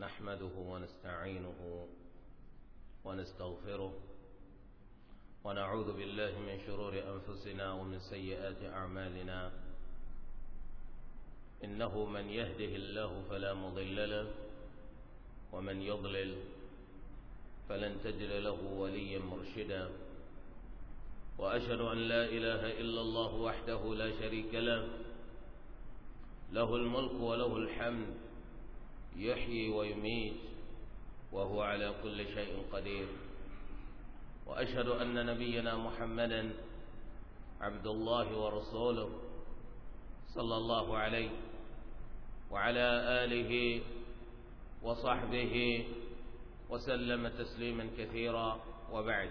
نحمده ونستعينه ونستغفره ونعوذ بالله من شرور أنفسنا ومن سيئات أعمالنا إنه من يهده الله فلا مضل له ومن يضلل فلن تجد له وليا مرشدا وأشهد أن لا إله إلا الله وحده لا شريك له له الملك وله الحمد يحيي ويميت وهو على كل شيء قدير وأشهد أن نبينا محمدا عبد الله ورسوله صلى الله عليه وعلى آله وصحبه وسلم تسليما كثيرا وبعد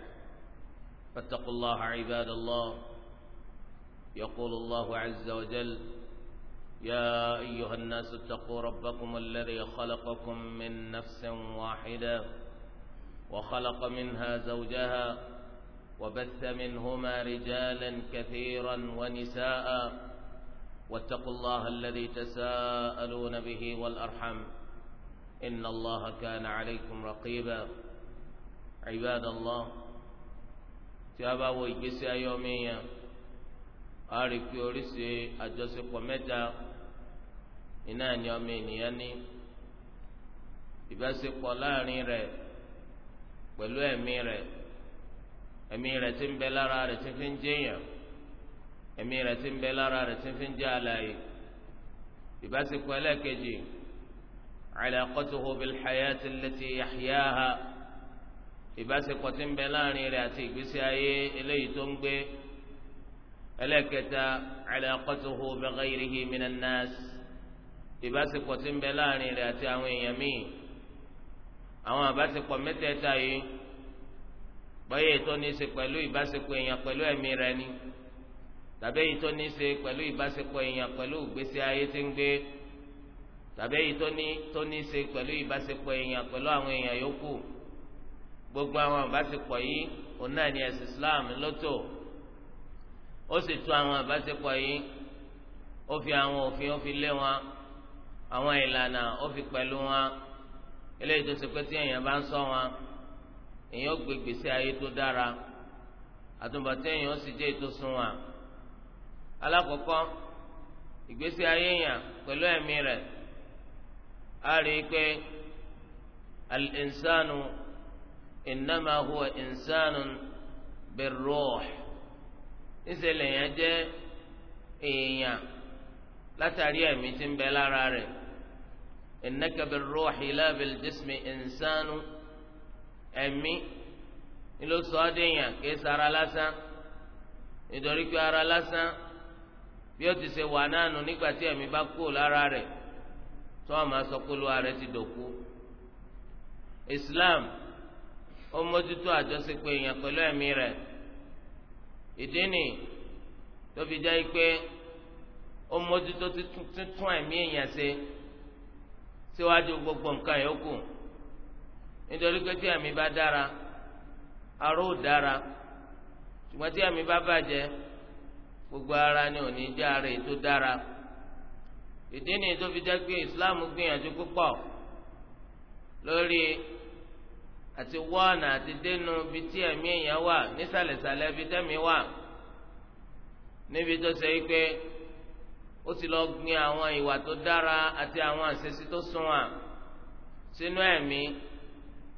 فاتقوا الله عباد الله يقول الله عز وجل يا أيها الناس اتقوا ربكم الذي خلقكم من نفس واحدة وخلق منها زوجها وبث منهما رجالا كثيرا ونساء واتقوا الله الذي تساءلون به والأرحم إن الله كان عليكم رقيبا عباد الله تابا ويجسي يوميا أريك أرسي أجسي قمتا iná ni ọmọ ènìyàn ní ìbáṣepọ̀ láàrin rẹ̀ pẹ̀lú ẹ̀mí rẹ̀ ẹ̀mí rẹ̀ ti ń bẹ lára rẹ̀ ti fi ń jẹyàn ẹ̀mí rẹ̀ ti ń bẹ lára rẹ̀ ti fi ń jẹ́ àlàyé ìbáṣepọ̀ ẹlẹ́ẹ̀kejì alaqatuhu bilhayati allati yahyaha ìbáṣepọ̀ ti ń bẹ láàrin rẹ̀ àti ìgbésí ayé eléyìí tó ń gbé ẹlẹ́ẹ̀kẹta alaqatuhu bighayrihi minan nas ìbáṣepọ̀ tí ń bẹ láàrin rẹ̀ àti àwọn èèyàn míì àwọn àbáṣepọ̀ mẹ́tẹ̀ẹ̀ta yìí bọ́yẹ̀ ètò ní í ṣe pẹ̀lú ìbáṣepọ̀ èèyàn pẹ̀lú ẹ̀mí rẹ̀ ni tàbí èyí tó ní í ṣe pẹ̀lú ìbáṣepọ̀ èèyàn pẹ̀lú ìgbésí ayé tí ń gbé tàbí èyí tó ní tó ní í ṣe pẹ̀lú ìbáṣepọ̀ èèyàn pẹ̀lú àwọn èèyàn yòókù gbogbo àwọn ìbáṣepọ̀ yìí òun náà ni ẹ̀sìn Islam lọ́tọ̀ ó sì tún àwọn ìbáṣepọ̀ yìí ó fi àwọn òfin ó fi lé wọn. àwọn ìlànà ó fi pẹ̀lú wọn eléyìí tó ṣe pé tí èèyàn bá ń sọ wọn èèyàn ó gbé gbèsè ayé tó dára àtúbọ̀tán èèyàn ó sì jẹ́ ètò sunwọ̀n alákọ̀ọ́kọ́ ìgbésí ayé yàn pẹ̀lú ẹ̀mí rẹ̀ á rí i pé huwa insanun bir jẹ́ èèyàn látàrí ẹ̀mí tí ń bẹ innaka birruhi la biljismi insanu ẹ̀mí ló sọ ọ́ dèèyàn kì í sara lásán nítorí pé ara lásán bí ó ti ṣe wà náà nù nígbà tí ẹ̀mí bá kú lára rẹ̀ tó wọ́n máa sọ pé olúwa rẹ̀ ti dòkú Islam ó mójútó àjọṣepọ̀ èèyàn pẹ̀lú ẹ̀mí rẹ̀ ìdí ni tó jẹ́ pé ó mójútó títún ẹ̀mí èèyàn ṣe. síwájú gbogbo nǹkan yòókù nítorí pé tí mi bá dára aró dára ṣùgbọ́n tí ẹ̀mí bá bàjẹ́ gbogbo ara ni ní jẹ́ ara tó dára ìdí ni tó fi jẹ́ pé ìsìláàmù gbìyànjú púpọ̀ lórí àti wọ́ọ̀nà àti dénú tí ẹ̀mí èèyàn wà nísàlẹ̀sàlẹ̀ tẹ́mi wà ó sì lọ gbin àwọn ìwà tó dára àti àwọn àṣẹṣe tó sunwọ̀n sínú ẹ̀mí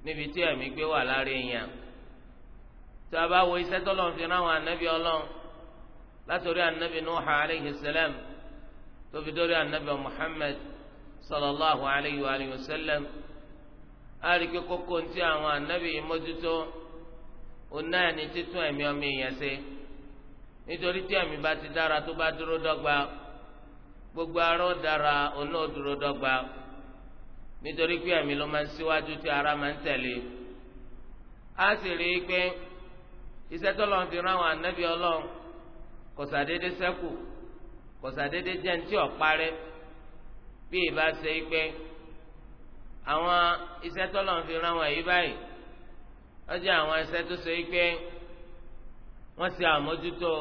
níbi tí ẹ̀mí gbé wà lára èèyàn tí a bá wo iṣẹ́ tọ́lọ́run fi ráwọn ànábì ọlọ́run látòrí ànábì nuuha aleyhi salam tó fi dórí ànábì muhammed sallallahu alayhi wa sallam a rí i pé kókó ntí àwọn ànábì yìí mójútó òun náà ní títún ẹ̀mí ọmọ èèyàn ṣe nítorí tí ẹ̀mí bá ti dára tó bá dúró dọ́gba gbogbo arọ dára onóòdúró dọ́gba nítorí pé ẹ̀mí ló máa ń síwájú tí ara máa ń tẹ̀lé a sì rí i pé iṣẹ́ tó lọ́n fi rán àwọn ànábì ọlọ́run kò sàdédé sẹ́kù kò sàdédé jẹ́ ní tí ò parẹ́ bí ìbá ṣe i pé àwọn iṣẹ́ tó lọ́n fi rán èyí báyìí wọ́n jẹ́ àwọn iṣẹ́ tó ṣe i pé wọ́n ṣe àmójútó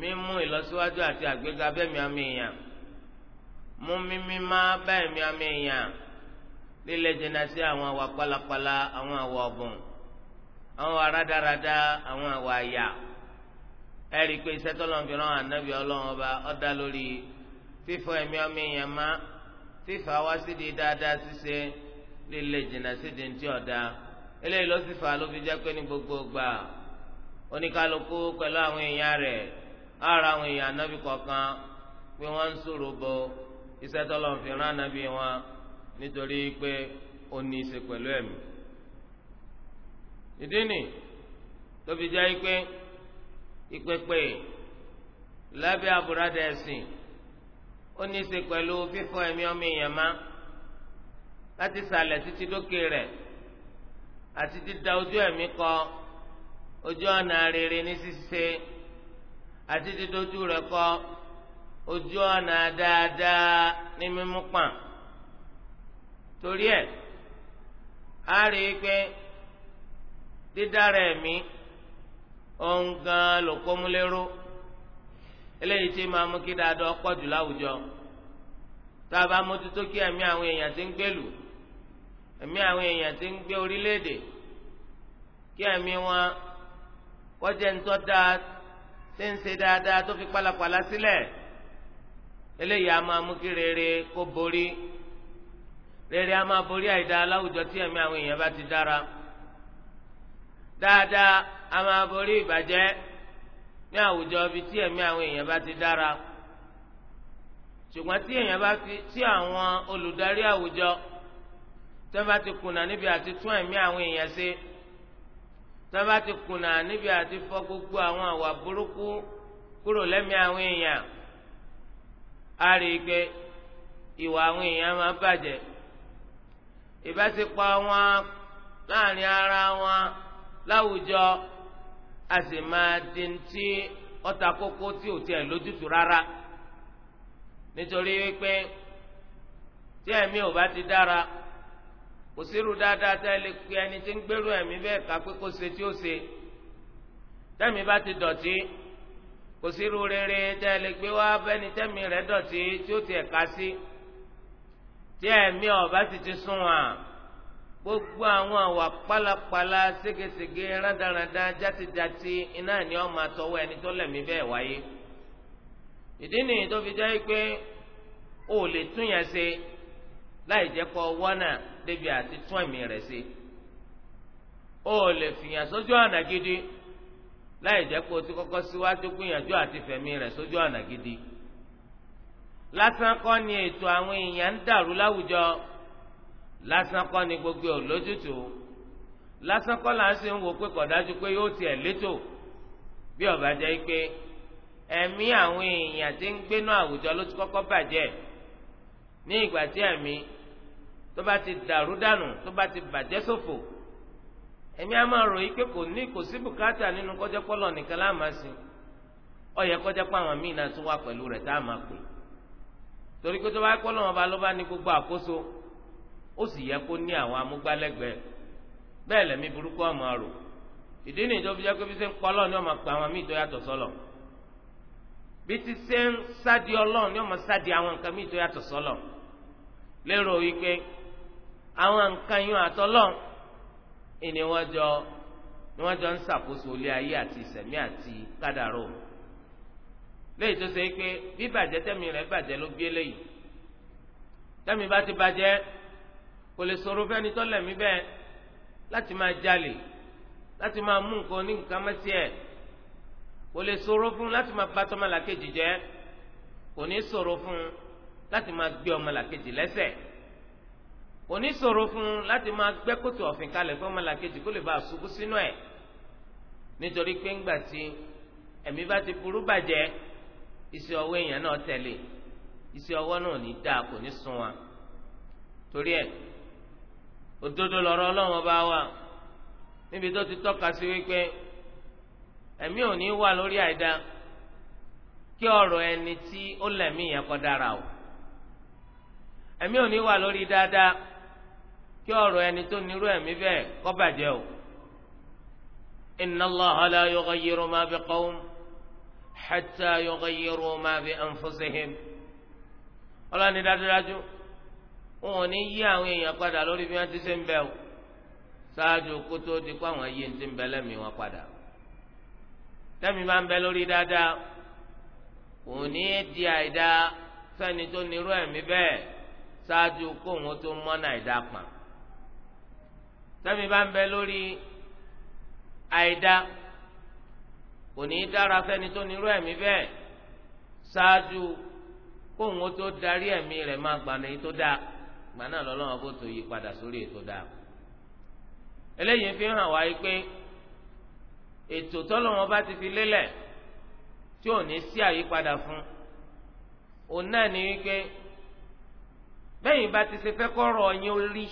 mímú ìlọsíwájú àti àgbéga bẹ́ẹ̀mí àmì èèyàn mú mímí má bẹ́ẹ̀mí àmì èèyàn lílẹ̀ jìnnà sí àwọn àwà pálapàla àwọn àwà ọ̀bùn àwọn àwà rádaràda àwọn àwà àyà ẹ̀rí pé iṣẹ́ tọ́lọ́n fi rán ànábì ọlọ́run ọba ọ̀dá lórí fífọ ẹ̀mí àmì èèyàn má fífa wá sídìí dáadáa ṣíṣe lílẹ̀ jìnnà sídìí ntí ọ̀dá eléyìí ló sì fà ló fi jẹ́ pé ní gbogbo gbà oníkálukú pẹ̀lú àwọn èèyàn rẹ̀ ara àwọn èèyàn anábì kọ̀ọ̀kan pé wọ́n ń sòrò bo iṣẹ́ tọ́lọ́run fi rán anábì wọn nítorí pé ó ní í ṣe pẹ̀lú ẹ̀mí. ìdí nì tó fi jẹ́ pé ìpèpè lábẹ́ àbúradà ẹ̀sìn ó ní í ṣe pẹ̀lú fífọ́ ẹ̀mí ọmọ èèyàn má láti kọ ojú ọ̀nà rere ní ṣíṣe àti dídójú rẹ̀ kọ ojú ọ̀nà dáadáa ní mímú pàn torí ẹ̀ á rí i pé dídára ẹ̀mí òun gan ló kó mú lérò eléyìí tí máa mú kí dáadọ́ pọ̀ jù láwùjọ tá a bá mójútó kí ẹ̀mí àwọn èèyàn ti ń gbèlú ẹ̀mí àwọn èèyàn ti ń gbé orílẹ̀-èdè kí ẹ̀mí wọn kọjá ń tọ́ dáa ṣé ń ṣe dáadáa tó fi pálapàla sílẹ̀ eléyìí a máa mú kí rere kó borí rere a máa borí àìdá láwùjọ tí ẹ̀mí àwọn èèyàn bá ti dára dáadáa a máa borí ìbàjẹ́ ní àwùjọ ibi tí ẹ̀mí àwọn èèyàn bá ti dára ṣùgbọ́n tí èèyàn bá fi tí àwọn olùdarí àwùjọ tó bá ti kùnà níbi àti tún ẹ̀mí àwọn èèyàn ṣe sábà ti kùnà níbi àti fọ́ gbogbo àwọn àwà burúkú kúrò lẹ́mìí àwọn èèyàn a rí i pé ìwà àwọn èèyàn máa bàjẹ́ ìbáṣepọ̀ wọn láàrin ara wọn láwùjọ a sì máa di ti ọta kókó tí ò tiẹ̀ lójútùú rárá nítorí wípé tí ẹ̀mí ò bá ti dára kò sírù dáadáa tá ẹ lè pe ẹni tí ń gbèrú ẹ̀mí bẹ́ẹ̀ ká pé kó ṣe tí ó ṣe tẹ́mi bá ti dọ̀tí kò sírù rere tá ẹ lè gbé wá bẹ́ni tẹ́mi rẹ̀ dọ̀tí tí ó ti ẹ̀ka sí tí ẹ̀mí ọ̀bá sì ti sún wa gbogbo àwọn àwà pálapàla ségesège rádaràda játidàti iná ni ọ máa tọwọ́ ẹni tó lẹ̀mí bẹ́ẹ̀ wáyé ìdí nìyí tó fi jẹ́ pé o lè tún yẹn ṣe láì jẹ́ kó wọ́nà débi àti tún ẹ̀mí rẹ̀ ṣe ó lè fìyàn sójú ọ̀nà gidi láì jẹ́ pé o ti kọ́kọ́ síwájú gbìyànjú àti fẹ̀mí rẹ̀ sójú ọ̀nà gidi lásán kọ́ ni ètò àwọn èèyàn ń dàrú láwùjọ lásán kọ́ ni gbogbo òlójútùú lásán kọ́ là ń ṣe ń wò pé kọ̀dájú pé yóò tiẹ̀ létò bí ọ̀bà jẹ́ pé ẹ̀mí àwọn èèyàn ti ń gbénú àwùjọ ló ti kọ́kọ́ bàjẹ́ ní ìgbà tí ẹ̀mí tó bá ti dàrú dànù tó bá ti bàjẹ́ sófò ẹ̀mí a máa ròyìn pé kò ní kò sí bùkátà nínú kọjá pọ́lọ̀ nìkan láàmà sí ó yẹ kọjá pọ́ àwọn míì náà tún wà pẹ̀lú rẹ̀ tá a máa pè torí pé tó bá pọ́lọ̀ wọn bá ló bá ní gbogbo àkóso ó sì yẹ kó ní àwọn amúgbálẹ́gbẹ̀ẹ́ bẹ́ẹ̀ lẹ́mí burúkú ọmọ rò ìdí nìyí tó jẹ́ pé bí ṣe ń pọ́lọ̀ ni ọmọ pa àwọn míì tó yàtọ̀ sọ́lọ̀ bí ti ṣe ń sádi ọlọ́run ni ọmọ sádi àwọn nǹkan míì tó yàtọ̀ sọ́lọ̀ lérò wípé àwọn nǹkan yun àtọlọ́n ìní wọ́n jọ ni wọ́n jọ ń ṣàkóso ilé ayé àti ìsẹ̀mí àti kádàrá o léyìí tó ṣe é pé bí bàjẹ́ tẹ̀mí rẹ̀ bàjẹ́ ló gbé léyìí tẹ̀mí bá ti bàjẹ́ kò lè sọ̀rọ̀ fẹ́ni tó lẹ̀mí bẹ́ẹ̀ láti máa jalè láti máa mú nǹkan ní nǹkan mẹ́sì ẹ̀ kò lè sọ̀rọ̀ fún láti máa bá tọ́mọlàkejì jẹ́ kò ní sọ̀rọ̀ fún láti máa gbé ọmọlàkejì lẹ́sẹ̀ kò ní ṣòro fún un láti máa gbẹ́ kòtò ọ̀fìn kalẹ̀ fún ọmọlàkejì kó lè bá a ṣubú sínú ẹ̀ nítorí pé ńgbà tí ẹ̀mí bá ti burú bàjẹ́ iṣẹ́ ọwọ́ èèyàn náà tẹ̀lé iṣẹ́ ọwọ́ náà ní dáa kò ní sun wa torí ẹ̀ òdodo lọ̀rọ̀ Ọlọ́run ọba wa níbi tó ti tọ́ka sí wípé ẹ̀mí ò ní wà lórí àìda kí ọ̀rọ̀ ẹni tí ó lẹ̀mí yẹn kọ́ dára o ẹ̀mí ò ní wà lórí dáadáa kí ọ̀rọ̀ ẹni tó nírú ẹ̀mí bẹ́ẹ̀ kó bàjẹ́ o inna Allaha la yughayyiru ma bi qawm hatta yughayyiru ma bi anfusihim ọlọ́ni dájúdájú wọn ò ní yí àwọn èèyàn padà lórí bí wọ́n ti ṣe ń bẹ o ṣáájú kó tó di kó àwọn yìí ti ń bẹ lẹ́mìí wọn padà tẹ́mi bá ń bẹ lórí dáadáa ò ní di àìdá sẹ́ni tó nírú ẹ̀mí bẹ́ẹ̀ ṣáájú kóhun tó mọ́nà àìdá pọ̀n tẹ́mi bá ń bẹ lórí àìda kò ní í dára fẹ́ni tó nírú ẹ̀mí bẹ́ẹ̀ ṣáájú kóun ó tó darí ẹ̀mí rẹ̀ máa gbàna èyí tó dáa gbàna lọ́lọ́wọ́ bó tó yí padà sórí èyí tó dáa. eléyìí fi hàn wáyé pé ètò tọ́lọ́wọ́n bá ti fi lélẹ̀ tí ò ní sí àyípadà fún òun náà ní wípé bẹ́yìn bá ti ṣe fẹ́ kọ́rọ̀ ọyún rí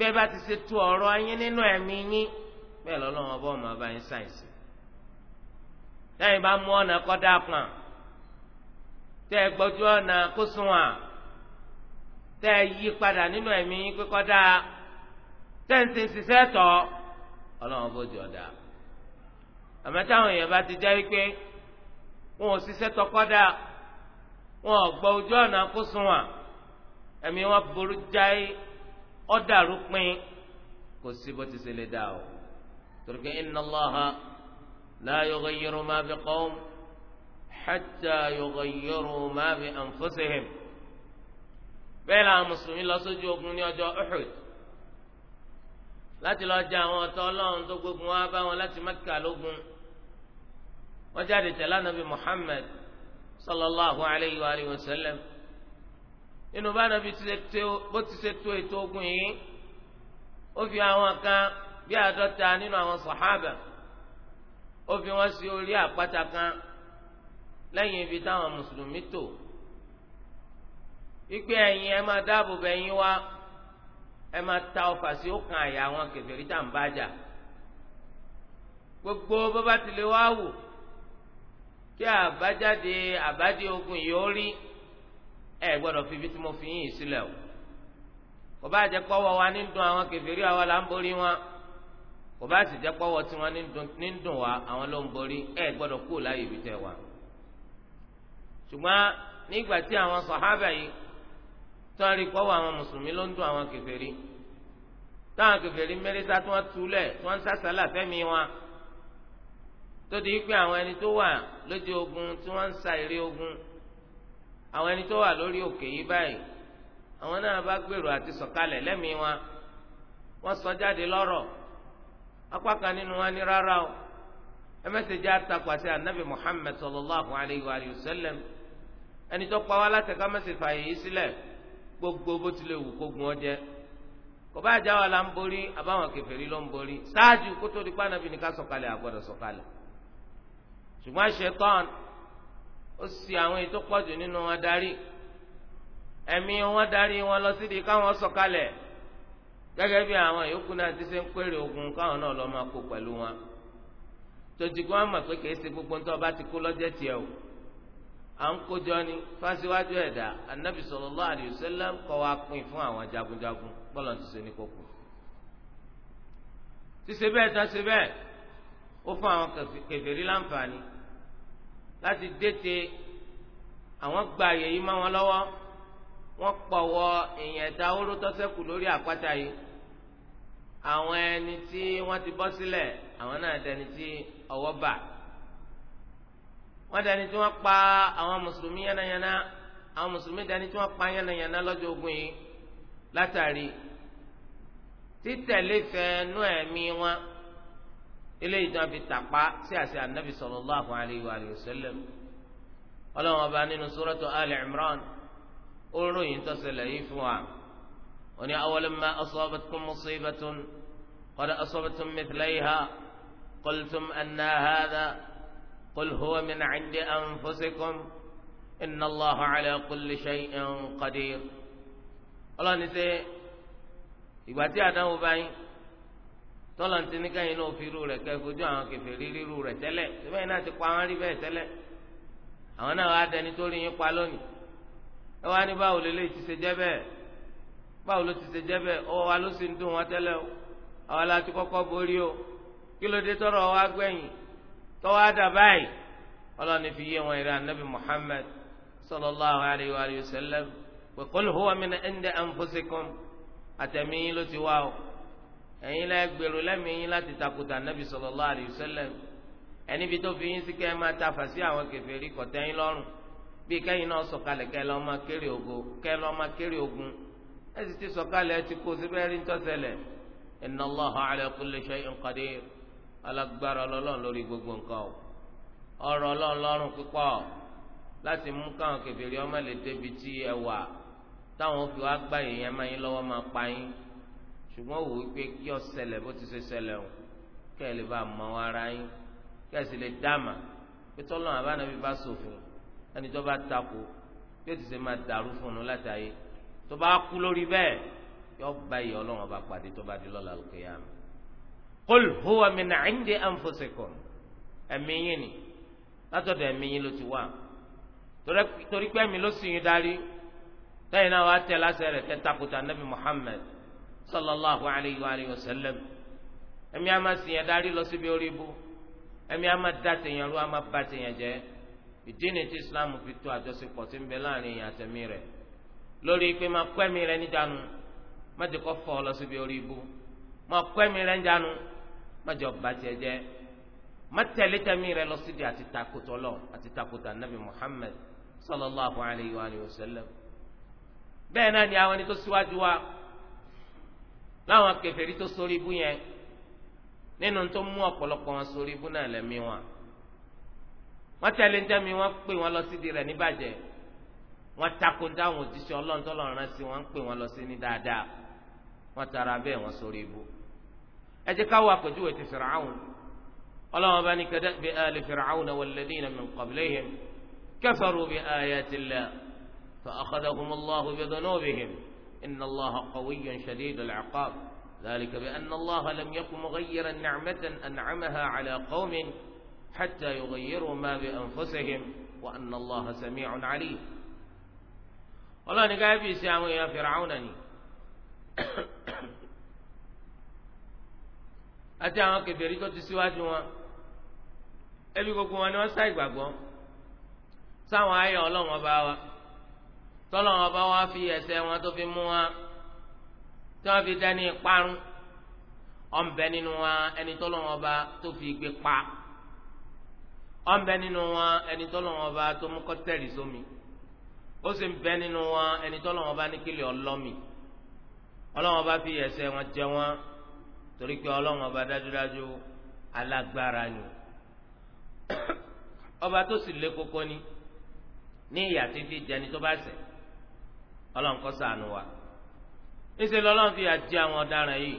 bẹ́ẹ̀ bá ti ṣe tu ọ̀rọ̀ ayé nínú ẹ̀mí yín bẹ́ẹ̀ lọ́lọ́wọ́n bọ́ ọmọ bá yín sáyẹ̀nsì lẹ́yìn bá mú ọ̀nà kọ́dá kan tẹ́ ẹ gbọ́jú ọ̀nà kó sùn wà tẹ́ ẹ padà nínú ẹ̀mí yín pé kọ́dá tẹ́ ń sin ṣiṣẹ́ tọ́ bójú ọ̀dà àmọ́ táwọn ti jẹ́ wípé wọn ò ṣiṣẹ́ tọ́ kọ́dá wọn ò gbọ́ ojú ọ̀nà kó wà ọ̀dàrú pín kò sí bó ti ṣe lè dà o torí pé inna Allaha la yughayyiru ma bi qawm hatta yughayyiru ma bi anfusihim bẹ́ẹ̀ làwọn mùsùlùmí lọ sójú ogun ní ọjọ́ Uhud láti lọ jẹ àwọn ọ̀tá ọlọ́run tó gbógun wá bá wọn láti Mẹ́kà lógun wọ́n jáde tẹ̀lé ànábì Muhammad sallallahu alayhi wa sallam nínú bá nàbí bó ti ṣe tó ètò ogun yìí ó fi àwọn kan bí àádọ́ta nínú àwọn sàhábà ó fi wọ́n sí orí àpáta kan lẹ́yìn ibi táwọn mùsùlùmí tò wípé ẹ̀yin ẹ máa dáàbò bẹ̀yìn wá ẹ máa ta ọfà sí ọkàn àyà àwọn kèfèrí tá à ń bájà gbogbo bó tilẹ̀ wá wò kí àbájáde àbádé ogun yìí ó rí ẹ gbọ́dọ̀ fi ibi tí mo fi yín yìí sílẹ̀ o kò bá jẹ́ pọ́wọ́ wa ní dùn àwọn kèfèrí àwọn là ń borí wọn kò bá sì jẹ́ pọ́wọ́ tí wọ́n ní dùn wa àwọn ló ń borí ẹ gbọ́dọ̀ kú láyé ibi tẹ́ wa. ṣùgbọ́n nígbà tí àwọn sàhábà yìí tó rí pọ́wọ́ àwọn mùsùlùmí ló ń dùn àwọn kèfèrí táwọn kèfèrí mẹ́rẹ́sà tí wọ́n túlẹ̀ tí wọ́n ń fẹ́mi wọn tó di pé àwọn ẹni tó wà lójú ogun tí wọ́n ń sa èrè ogun àwọn ẹni tó wà lórí òkè yìí báyìí àwọn náà bá gbèrò àti sọ̀kalẹ̀ lẹ́mìí wọn wọ́n sọ jáde lọ́rọ̀ apá kan nínú wọn ní rárá o ẹmẹsẹ̀ jẹ́ àtàkùn ànábì Muhammad sallallahu alayhi wa sallam ẹni tó pa wá láti ká mẹ́sẹ̀ fààyè yìí sílẹ̀ gbogbo bó tilẹ̀ wù kó gun ọ jẹ kò bá àjà wà lá ń borí àbáwọn kèfèrí ló ń borí ṣáájú kótó di pa ànábì ní ká sọ̀kalẹ̀ àgbọ̀dọ̀ sọ̀kalẹ̀ ṣùgbọ́n ṣetán ó sì àwọn ètò pọ̀jù nínú wọn darí ẹ̀mí wọn darí wọn lọ sídi káwọn sọ̀kalẹ̀ gẹ́gẹ́ bí àwọn yòókù náà ti ṣe ń pèrè ogun káwọn náà lọ máa kó pẹ̀lú wọn tòjìgbọ́n wọn mọ̀ pé kìí ṣe gbogbo ń tọ́ bá ti kó lọ́jẹ́ tiẹ̀ o à ń kójọ ni fásiwájú ẹ̀dá anabi sallallahu alaihi wasallam kọ́ wa pín fún àwọn jagunjagun bọ́lá ti ṣe ní kókó ti ṣe bẹ́ẹ̀ ta ṣe bẹ́ẹ̀ ó fún àwọn kèfèrí láǹfààní láti dètè àwọn gba àyè yìí má wọn lọ́wọ́ wọ́n pọ̀wọ́ èèyàn ẹ̀dá oró tọ́sẹ́kù lórí àpáta yìí àwọn ẹni tí wọ́n ti bọ́ sílẹ̀ àwọn náà dẹni tí ọwọ́ bà wọ́n dẹni tí wọ́n pa àwọn mùsùlùmí yánnayànna àwọn mùsùlùmí dẹni tí wọ́n pa yánnayànna lọ́jọ́ ogun yìí látàrí títẹ̀lé fẹ́ẹ́ nú ẹ̀mí wọn eléyìí tán fi tàpá sí àṣẹ anabi sallallahu alayhi wa sallam ọlọ́run ọba nínú suratu ali imran ó ròyìn tó ṣẹlẹ̀ yìí fún wa ó ní awalamma asabatkum musibatun qad asabatkum mithlaiha qultum anna hadha qul huwa min indi anfusikum inna allaha ala kulli shay'in qadir ọlọ́run sẹ́ ìgbà tí àdánwò báyìí tọ́lá ti ní káyìn náà fi irú rẹ̀ kẹ́ fojú àwọn kẹfẹ́ rírí irú rẹ̀ tẹ́lẹ̀ síbẹ̀ náà ti pa wọ́n rí bẹ́ẹ̀ tẹ́lẹ̀ àwọn náà wàá dẹni tó rí yín pa lónìí ẹ wá ní báwo lè ti ṣe jẹ́ bẹ́ẹ̀ báwo ló ti ṣe jẹ́ bẹ́ẹ̀ ọwọ́ wa ló sì ń dùn wọn tẹ́lẹ̀ o àwọn la kọ́kọ́ borí o kí ló dé tọrọ wa gbẹ̀yìn tọ́wọ́ àdà báyìí ọlọ́ni fi yé wọn ìrẹ́ ẹ̀yin lẹ gbèrò lẹ́mìí yín láti takùtà nàbì sallallahu alaihi wasallam ẹni bí tó fi yín sí kẹ́ ẹ máa ta fàṣí àwọn kèfèrí kọ̀tẹ́yìn lọ́rùn bíi kẹ́yìn náà sọ̀kalẹ̀ kẹ́ lọ́ọ́ máa kéré ògo kẹ́ lọ́ọ́ máa kéré ogun ẹ sì ti sọ̀kalẹ̀ ẹ ti kó síbẹ̀ rí ntọ́sẹ̀lẹ̀ inna Allaha ala kulli shay'in qadir alágbára ọlọ́run lórí gbogbo nǹkan ọ̀rọ̀ ọlọ́run lọ́rùn pípọ̀ láti mú káwọn kèfèrí ọmọ lè débi tí ẹwà táwọn fi wá gbá èèyàn ṣùgbọ́n wò wípé kí ọ ṣẹlẹ̀ bó ti ṣe ṣẹlẹ̀ o kẹ́ ẹ lè bá mọ ara yín kẹ́ ẹ sì lè dáàmà pé tọ́lọ́ àbánabi bá ṣòfin ẹni tó bá takò yóò ti ṣe máa dàrú fún un látàyè tó bá kú lórí bẹ́ẹ̀ yóò bá iye ọlọ́run ọba pàdé tó bá di lọ́la al-qiyama. qul huwa min 'indi anfusikum ẹ̀mí yín ni látọ̀dọ̀ ẹ̀mí yín ló ti wà torí pé ẹ̀mí ló sì yín darí lẹ́yìn náà wàá tẹ̀ láṣẹ rẹ̀ kẹ́ takùtà nabi Muhammad sallallahu alayhi wa sallam ẹ̀mí a máa sìn yẹn darí lọ síbi orí ibu ẹ̀mí a máa dá tèèyàn rú a máa bà tèèyàn jẹ́ ìdí ni tí islam fi tó àjọṣepọ̀ tí ń bẹ láàrin èèyàn àtẹ̀mí rẹ̀ lórí pé máa kọ́ ẹ̀mí rẹ̀ níjànú má jẹ́ kó fọ́ ọ lọ síbi orí ibu máa kọ́ ẹ̀mí rẹ̀ níjànú má jẹ́ ọba tiẹ̀ jẹ́ má tẹ̀lé tẹ̀mí rẹ̀ lọ síbi àti takòtò lọ àti takòtò anabi muhammad sallallahu alayhi wa sallam bẹ́ẹ̀ náà ni àwọn ẹni tó síwájú wa láwọn kèfèrí tó sórí ibú yẹn nínú tó mú ọ̀pọ̀lọpọ̀ wọn sórí ibú náà lẹ́mí wọn wọ́n tẹ̀lé ń tẹ́mi wọ́n pè wọ́n lọ sídìí rẹ̀ níbàjẹ́ wọ́n takò dáhùn òjíṣẹ́ ọlọ́run tó lọ́rùn rántí wọ́n ń pè wọ́n lọ sí ní dáadáa wọ́n tara bẹ́ẹ̀ wọ́n sórí ibú. ẹ jẹ́ àpèjúwe ti Fir'aun ọlọ́run bá ní kadabi ali Fir'auna walladhina min qablihim kafaru bi ayatillah fa akhadhahumullahu bi dhunubihim إن الله قوي شديد العقاب ذلك بأن الله لم يكن مغيرا نعمة أنعمها على قوم حتى يغيروا ما بأنفسهم وأن الله سميع عليم والله نقال في سامو يا فرعون أتى عنك بريتو تسوات نوا أبي كوكو أنا سايق بابو سامو أي أولو مباوة tọ́lọ̀ wọn bá wá fi ẹsẹ̀ wọn tó fi mú wọn tí wọ́n fi dání parun ọ̀nbẹ nínú wọn ẹni tọ́lọ̀ wọn bá tó fi gbé pa ọ̀nbẹ nínú wọn ẹni tọ́lọ̀ wọn bá tó mú kọ́tẹ́rì sómi ó sì ń bẹ nínú wọn ẹni tọ́lọ̀ wọn bá ní ọlọ́mì ọlọ́wọ́n bá fi ẹsẹ̀ wọn jẹ wọn torí pé ọlọ́wọ́n bá dájúdájú alágbára ni ọba tó sì lé koko ni ní ìyà tí fi jẹni tó bá ṣẹ̀ ọlọ́run kó ṣàánú wa níṣẹ́ lọ́lọ́run fi àjẹ àwọn ọ̀daràn yìí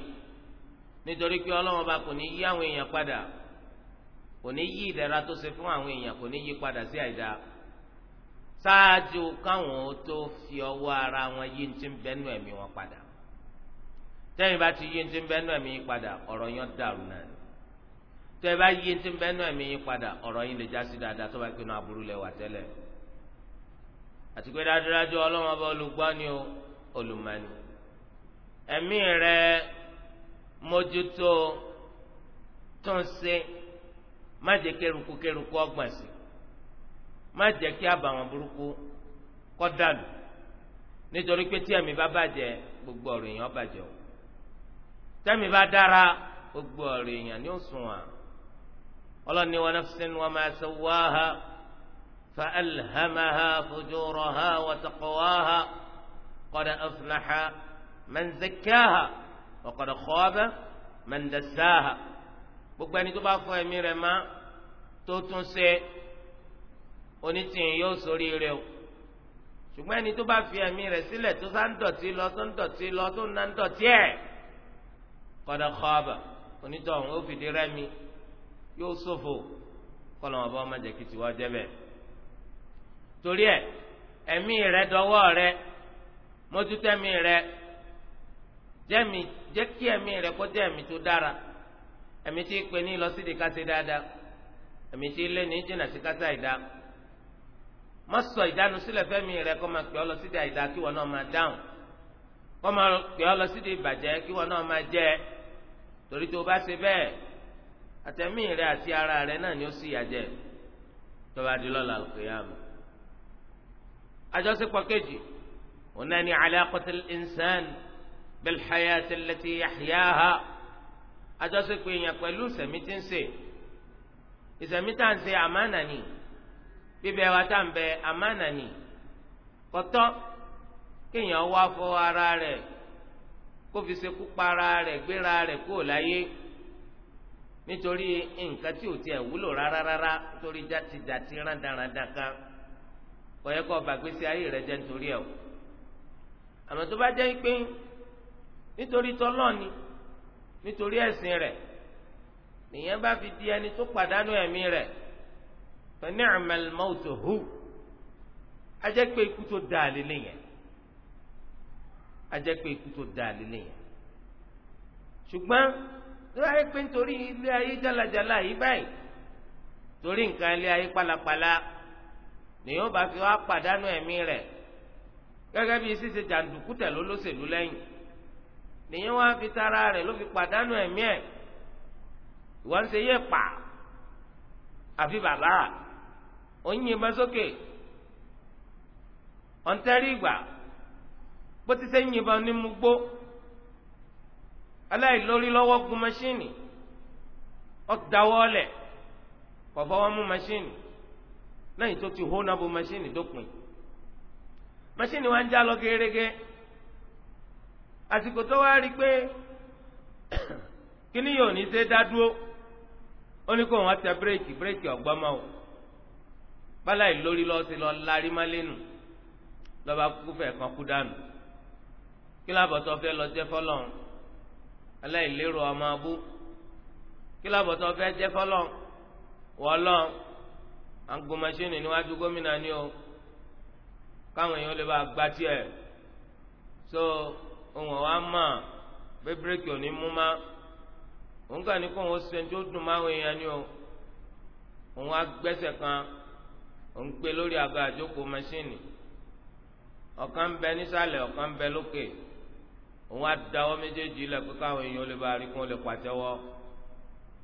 nítorí pé ọlọ́run ọba kò ní yí àwọn èèyàn padà kò ní yí ìdẹ̀ra tó ṣe fún àwọn èèyàn kò ní yí padà sí àìdá ṣáájú káwọn ó tó fi ọwọ́ ara wọn yí ní ti ń bẹ́nu ẹ̀mí wọn padà tẹ́yìn bá ti yí ní ti ń bẹ́nu ẹ̀mí yín padà ọ̀rọ̀ yẹn dàrú náà ni tẹ́yìn bá yí ní ti ń bẹ́nu ẹ̀mí yín padà ọ̀rọ̀ yẹn lè já sí dáadáa tó bá pinnu aburú lẹ́wà tẹ́lẹ̀ àti pé dájúdájú ọlọ́wọ́n bá olùgbọ́ni o olùmọ̀ni ẹ̀mí rẹ mójútó tó ń ṣe má jẹ́ kérukú kérukú ọgbọ̀n sí má jẹ́ kí àbàwọ́n burúkú kọ́ dàlù nítorí pé tí ẹ̀mí bá bàjẹ́ gbogbo ọ̀rọ̀ èèyàn bàjẹ́ o tẹ́mi bá dára gbogbo ọ̀rọ̀ èèyàn ni ó sùn wà ọlọ́ni wa nafsin wa ma sawwaha. فألهمها فجورها وتقواها قد أفلح من زكاها وقد خاب من دساها gbogbo ẹni tó bá fọ ẹ̀mí rẹ̀ mọ́ tó tún ṣe onítìyìn yóò sórí rẹ̀ o ṣùgbọ́n ẹni tó bá fi ẹ̀mí rẹ̀ sílẹ̀ tó sá ń dọ̀tí lọ tó ń dọ̀tí lọ tó ń ná ń dọ̀tí ẹ̀ qad khaba onítọ̀hún ó fìdí rẹmi yóò ṣòfò kọlọmọba ọmọ jẹ kìtìwọ jẹ bẹ́ẹ̀. torí ẹ ẹ̀mí rẹ dọwọ rẹ mójútẹ́mí rẹ jẹ́mi jẹ́ kí ẹmí rẹ kó jẹ́ ẹ̀mí tó dára ẹmí tí pè ní ìlọsídìí kásẹ̀ dáadáa ẹ̀mí tí lé ní jìnnà sí kásẹ̀ àìdá má sọ ìdánu sílẹ̀ lọ àìdá kí wọn náà máa dáhùn máa pè kí wọn náà máa jẹ́ torí ṣe rẹ àti ara rẹ náà ni ó sì yà àjọṣepọ̀ kejì òun علاقة الإنسان بالحياة التي يحياها hayati allati yahyaha àjọṣepọ̀ èèyàn pẹ̀lú ìsẹ̀mí tí ń ṣe ìsẹ̀mí tá à ń ṣe àmánà ni bíbẹ̀ wa tá à ń bẹ àmánà ni kọ́tọ́ kéèyàn wá fọ ara rẹ̀ kó fi ṣekú para rẹ̀ gbéra rẹ̀ kúrò láyé nítorí nǹkan tí ò tiẹ̀ wúlò rárá rárá nítorí játijáti rádaràdà kan kọ̀yẹ́ kọ́ bàgbésí ayé rẹ jẹ́ nítorí ẹ̀ o àmọ́ tó bá jẹ́ pé nítorí tọ́lọ́ọ̀ni nítorí ẹ̀sìn rẹ̀ nìyẹn bá fi di ẹni tó pàdánù ẹ̀mí rẹ̀ fa ni'mal mawtu hu ajẹ́ pé ikú tó dáa lélẹ̀ yẹn ajẹ́ pé ikú tó dáa lélẹ̀ yẹn ṣùgbọ́n tó báyìí pé nítorí ilé ayé jálajàla yìí báyìí torí nǹkan ilé ayé pálapàla ni yóò bá fi wá pàdánù ẹ̀mí rẹ̀ gẹ́gẹ́ bí ṣíṣe jàǹdùkú tẹ̀ lólóṣèlú lẹ́yìn ni yóò wá fi tara rẹ̀ ló fi pàdánù ẹ̀mí ẹ̀ ìwọ ń ṣe yé pa àfi bàbá ònyìnbọn sókè ọ̀ntẹ́rì ìgbà bó ti ṣe ń yìnbọn ní mú gbó aláìlórí lọ́wọ́ gun mọ́ṣíìnì ọ̀dáwọ́lẹ̀ kọ̀fọ́wọ́ mú mọ́ṣíìnì lẹ́yìn tó ti hóná bo mẹsìnì dópin mẹsìnì wa ń já lọ gẹ́gẹ́ àsìkò tó wá rí i pé kíní yóò ní í ṣe dá dúró ó ní kó wọn tẹ bírèkì bírèkì ọgbọ́n máa wò bálá ìlórí lọ sí lọ larí má lẹ́nu lọ́ba kúkú kan kú dànù kí fẹ́ lọ jẹ́ fọlọ́n aláìlérò ọmọ abú kí fẹ́ jẹ́ fọlọ́n wọ́lọ́n à ń gun machine níwájú gómìnà ni o káwọn èèyàn lè bá a gbá tiẹ̀ so òun ọ̀wá mọ̀ pé bírèkì ò ní mú má òun kàn ní kó òun ṣe tó dùn máwọn èèyàn ni o òun á gbẹ́sẹ̀ kan òun gbé lórí àga àjókòó machine ọ̀kan ń bẹ nísàlẹ̀ ọ̀kan ń bẹ lókè òun á dáwọ́ méjèèjì lẹ̀ pé káwọn èèyàn lè bá a rí kó lè pàtẹ́wọ́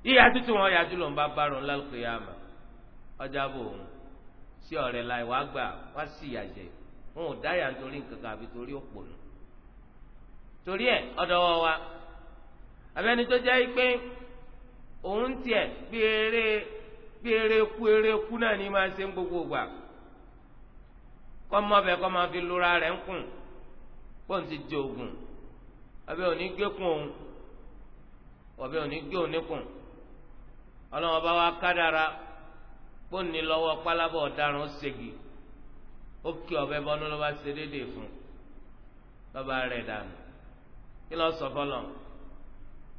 yíyá títí wọn yájú lòun bá bá rò ńlá lókè yá mà ọjà bò òun sí ọ̀rẹ́ la ìwà gbà wá sí ìyàjẹ wọn ò dáyà nítorí nǹkan kan àbí torí òpònú torí ẹ ọdọwọ wa abẹni tó jẹ́ pé òun tiẹ̀ bí eré bí eré ku eré ku náà ni máa ṣe ń gbogbo gbà kọ́mọ́bẹ kọ́ máa fi lura rẹ̀ ń kùn kóun ti di oògùn ọbẹ̀ òní gé kùn òun ọbẹ̀ òní gé òun kùn ọlọ́wọ́n wa kádàrá kpóni lọ́wọ́ pálábọ̀ ọ̀daràn ó segi ó kí ọbẹ̀ bọ́nú ló bá ṣe déédéé fún lọ́ba rẹ̀ dànù kí lọ́ sọ fọlọ́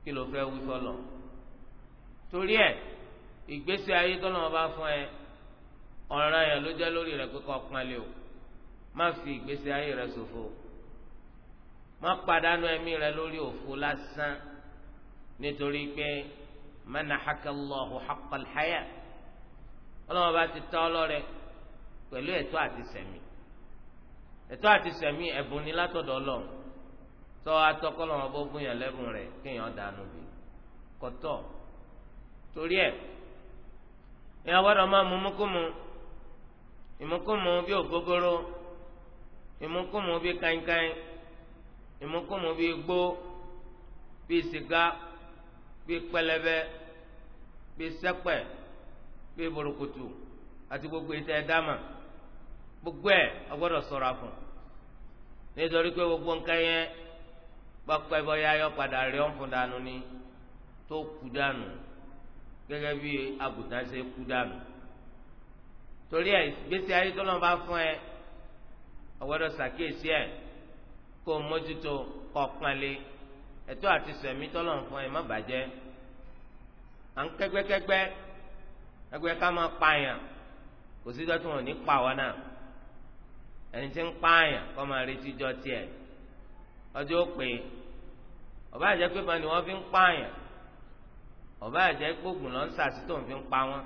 kí ló fẹ́ wí fọlọ́ torí ẹ̀ ìgbésí ayé tọ́lọ́mọ bá fún ẹ ọ̀ràn yẹn ló jẹ́ lórí rẹ̀ pé kọ́ pọ́nlé o má fi ìgbésí ayé rẹ̀ ṣòfò má pàdánù ẹ̀mí rẹ̀ lórí òfo lásán nítorí pé mẹ́nà hakallahu haqqal hayat. ọlọ́wọ́ bá ti tọ́ ọlọ́rẹ pẹ̀lú ẹ̀tọ́ àti sẹ̀mí ẹ̀tọ́ àti sẹ̀mí ẹ̀bùn ni látọ̀dọ̀ ọlọ́run tọ́ atọ́kọ́lọ́wọ́n bó gún yàn lẹ́bùn rẹ̀ dànù bí kọ́tọ́ torí ẹ̀ máa mú bíi burúkutu àti gbogbo ìtẹ́ dáma gbogbo ẹ̀ ọgbọ́dọ̀ sọ̀rọ̀ fún nítorí pé gbogbo nǹkan yẹn pápá bọ́yá yọ padà rí ọ̀n fún dànù ni tó kú dànù gẹ́gẹ́ bí àgùntàn ṣe kú dànù torí ẹ̀ gbèsè ayé tó lọ́n bá fún ẹ ọgbọ́dọ̀ ṣàkíyèsí ẹ̀ kó o mójútó kọ́ pọ́nlé ẹ̀tọ́ àti sẹ̀mí tó lọ́n fún ẹ má bàjẹ́ à ń kẹ́gbẹ́kẹ́gbẹ́. ẹgbẹ́ ká máa pààyàn kò sí dọ́tún òní pa wọn náà ẹni tí ń pààyàn kọ́ máa retí jọ tiẹ̀ ọjọ́ pé ọba àjẹ́ pé bani wọ́n fi ń pààyàn ọba àjẹ́ pé lọ́n sàṣì tó ń fi ń pa wọ́n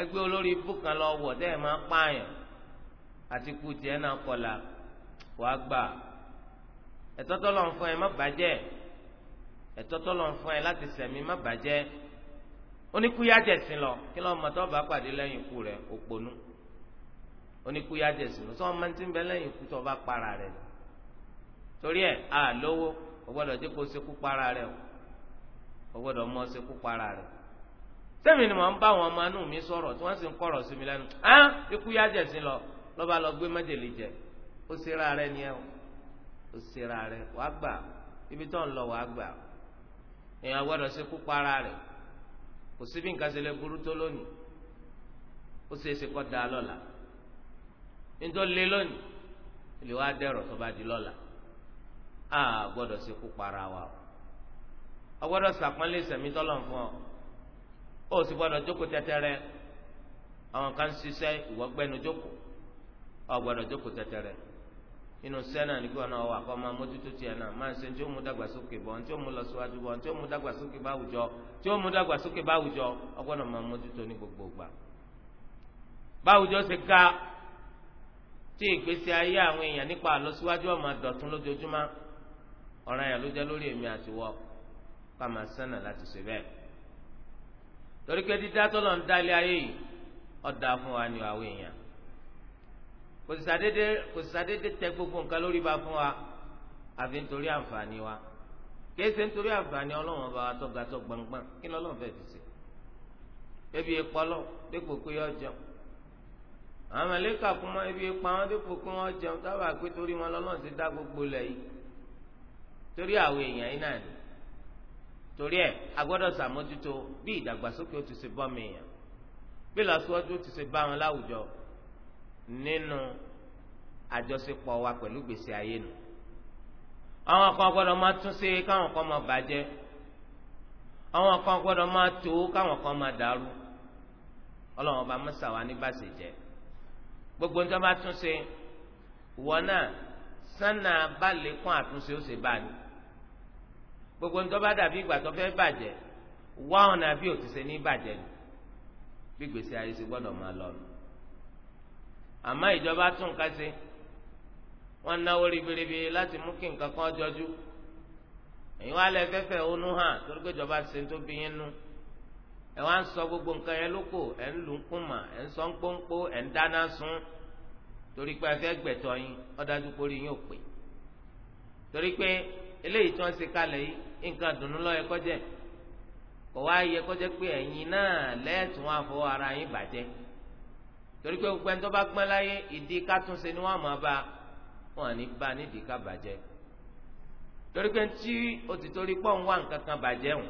ẹgbẹ́ olórí ibú lọ wọ̀ tẹ́ ẹ̀ máa pààyàn àti kú tiẹ̀ náà kọlà wàá gbà ẹ̀tọ́ tọ́lọ́ ń ẹ má bàjẹ́ ẹ̀tọ́ tọ́lọ́ ń ẹ láti sẹ̀mí oníkúyàjẹsìn lọ kí lọ́ọ́ mọ̀ tó bá pàdé lẹ́yìn ikú rẹ̀ òpònú oníkúyàjẹsìn lọ sọ́ọ́ máa ti ń bẹ lẹ́yìn ikú tó bá para rẹ̀ lọ torí ẹ̀ à lówó o gbọ́dọ̀ jẹ́ kó sekú para rẹ̀ o o gbọ́dọ̀ mọ sekú para rẹ̀ sẹ́mi ni mò ń bá wọn manú mi sọ̀rọ̀ tí wọ́n sì ń kọ̀rọ̀ sí mi lẹ́nu án ikúyàjẹsìn lọ lọ́ba lọ gbé májèlé jẹ ó sera rẹ ni ẹ ó sera rẹ wàá gbà ibi tó ń lọ wàá gbà èèyàn gbọ́dọ̀ sekú para rẹ̀ kò sí bí nǹkan ṣe lè burú tó lónìí ó ṣe é ṣe kó da lọ́la nítorí lé lónìí lè wá dẹ̀rọ̀ tó bá di lọ́la a gbọ́dọ̀ ṣe kú para wa o gbọ́dọ̀ ṣàpọ́nlé ìsẹ̀mí tọ́lọ̀ fún ọ ó sì gbọ́dọ̀ jókòó tẹ́tẹ́rẹ́ àwọn kan ṣiṣẹ́ ìwọ́gbẹ́nu jókòó ọ gbọ́dọ̀ jókòó tẹ́tẹ́rẹ́ inú sẹ́nà nígbà náà wà kọ́ máa mójútó tiẹ̀ náà máa ń ṣe tí ó mú dàgbàsókè bọ̀ tí ó mú lọ síwájú bọ̀ tí ó mú dàgbàsókè bá àwùjọ tí ó mú dàgbàsókè bá àwùjọ ọgbọ́dọ̀ máa mójútó ní gbogbo ìgbà. báwùjọ ṣe ga tí ìgbésí ayé àwọn èèyàn nípa àlọsíwájú ọmọ àdọ̀tún lójoojúmọ́ ọ̀ràn yẹn ló jẹ́ lórí èmi àtiwọ́ ká máa sẹ́nà láti ṣe bẹ́ẹ̀. torí pé dídá tọ́lọ́ ń dálé ayé yìí ó dáa fún wa ni àwọn èèyàn kò sì sàdédé kò sì sàdédé tẹ gbogbo nǹkan lórí ba fún wa àfi nítorí àǹfààní wa kéésì nítorí àǹfààní ọlọ́wọ́n bá wa tọ́ga tó gbọ̀ngbọ̀n kí lọ́lọ́wọ́n fẹ́ẹ́ fi ṣe ebi ekpọlọ dípò pé yọ jẹun àwọn mẹlẹ́kà kún mọ́ ebi ekpọ àwọn dípò pé wọ́n jẹun táwọn àpé torí wọn lọ́lọ́run ti dá gbogbo lẹ̀ yìí torí àwọn èèyàn yìí náà ni torí ẹ̀ agbọ́dọ̀ sàmójútó bí ìdàgbàsókè ó ti ṣe bọ́ mi yàn bí lọ́sọ́jú ó ti ṣe bá wọn láwùjọ nínú àjọṣepọ̀ wa pẹ̀lú gbèsè ayé nu àwọn kan gbọ́dọ̀ máa tún ṣe káwọn kan máa bàjẹ́ àwọn kan gbọ́dọ̀ máa tó káwọn kan máa dàrú Ọlọ́run ọba mọsàwá ní bàṣẹ jẹ gbogbo nítorí bá tún ṣe ìwọ náà sánà bá lè kún àtúnṣe ó ṣe bá ní gbogbo nítorí bá dàbí ìgbà tó fẹ́ bàjẹ́ wá ọ̀nà bí òtún ṣe ní bàjẹ́ ní bí gbèsè ayé ṣe gbọ́dọ̀ máa lọ nù àmọ́ ìjọba tún nǹkan ṣe wọ́n náwó ribiribi láti mú kí nǹkan kan jọjú èyí wá lẹ fẹ́fẹ́ onú hàn torí pé ìjọba ṣe tó bí yín nú ẹ wá ń sọ gbogbo nǹkan yẹn lóko ẹ ń lù ń kùmà ẹ ń sọ ń pọ́npó ẹ ń dáná sun torí pé ẹ fẹ́ gbẹ̀tọ̀ yín ọ̀dájú pórí yín ò pè torí pé eléyìí tí wọ́n ṣe kalẹ̀ yìí nǹkan dùnú lọ́yẹ kọjẹ́ kọ̀ wá yẹ kọjẹ́ pé ẹ̀yin náà lẹ́ẹ̀tún wá fọwọ́ ara yín bàjẹ́ torí pé gbogbo ẹni tó bá gbọ́n láyé ìdí kátúnṣe ni wọ́n máa bá wọn ní bá nídìí ká bàjẹ́ torí pé tí o ti torí pọ̀ ń wá nǹkan kan bàjẹ́ wọn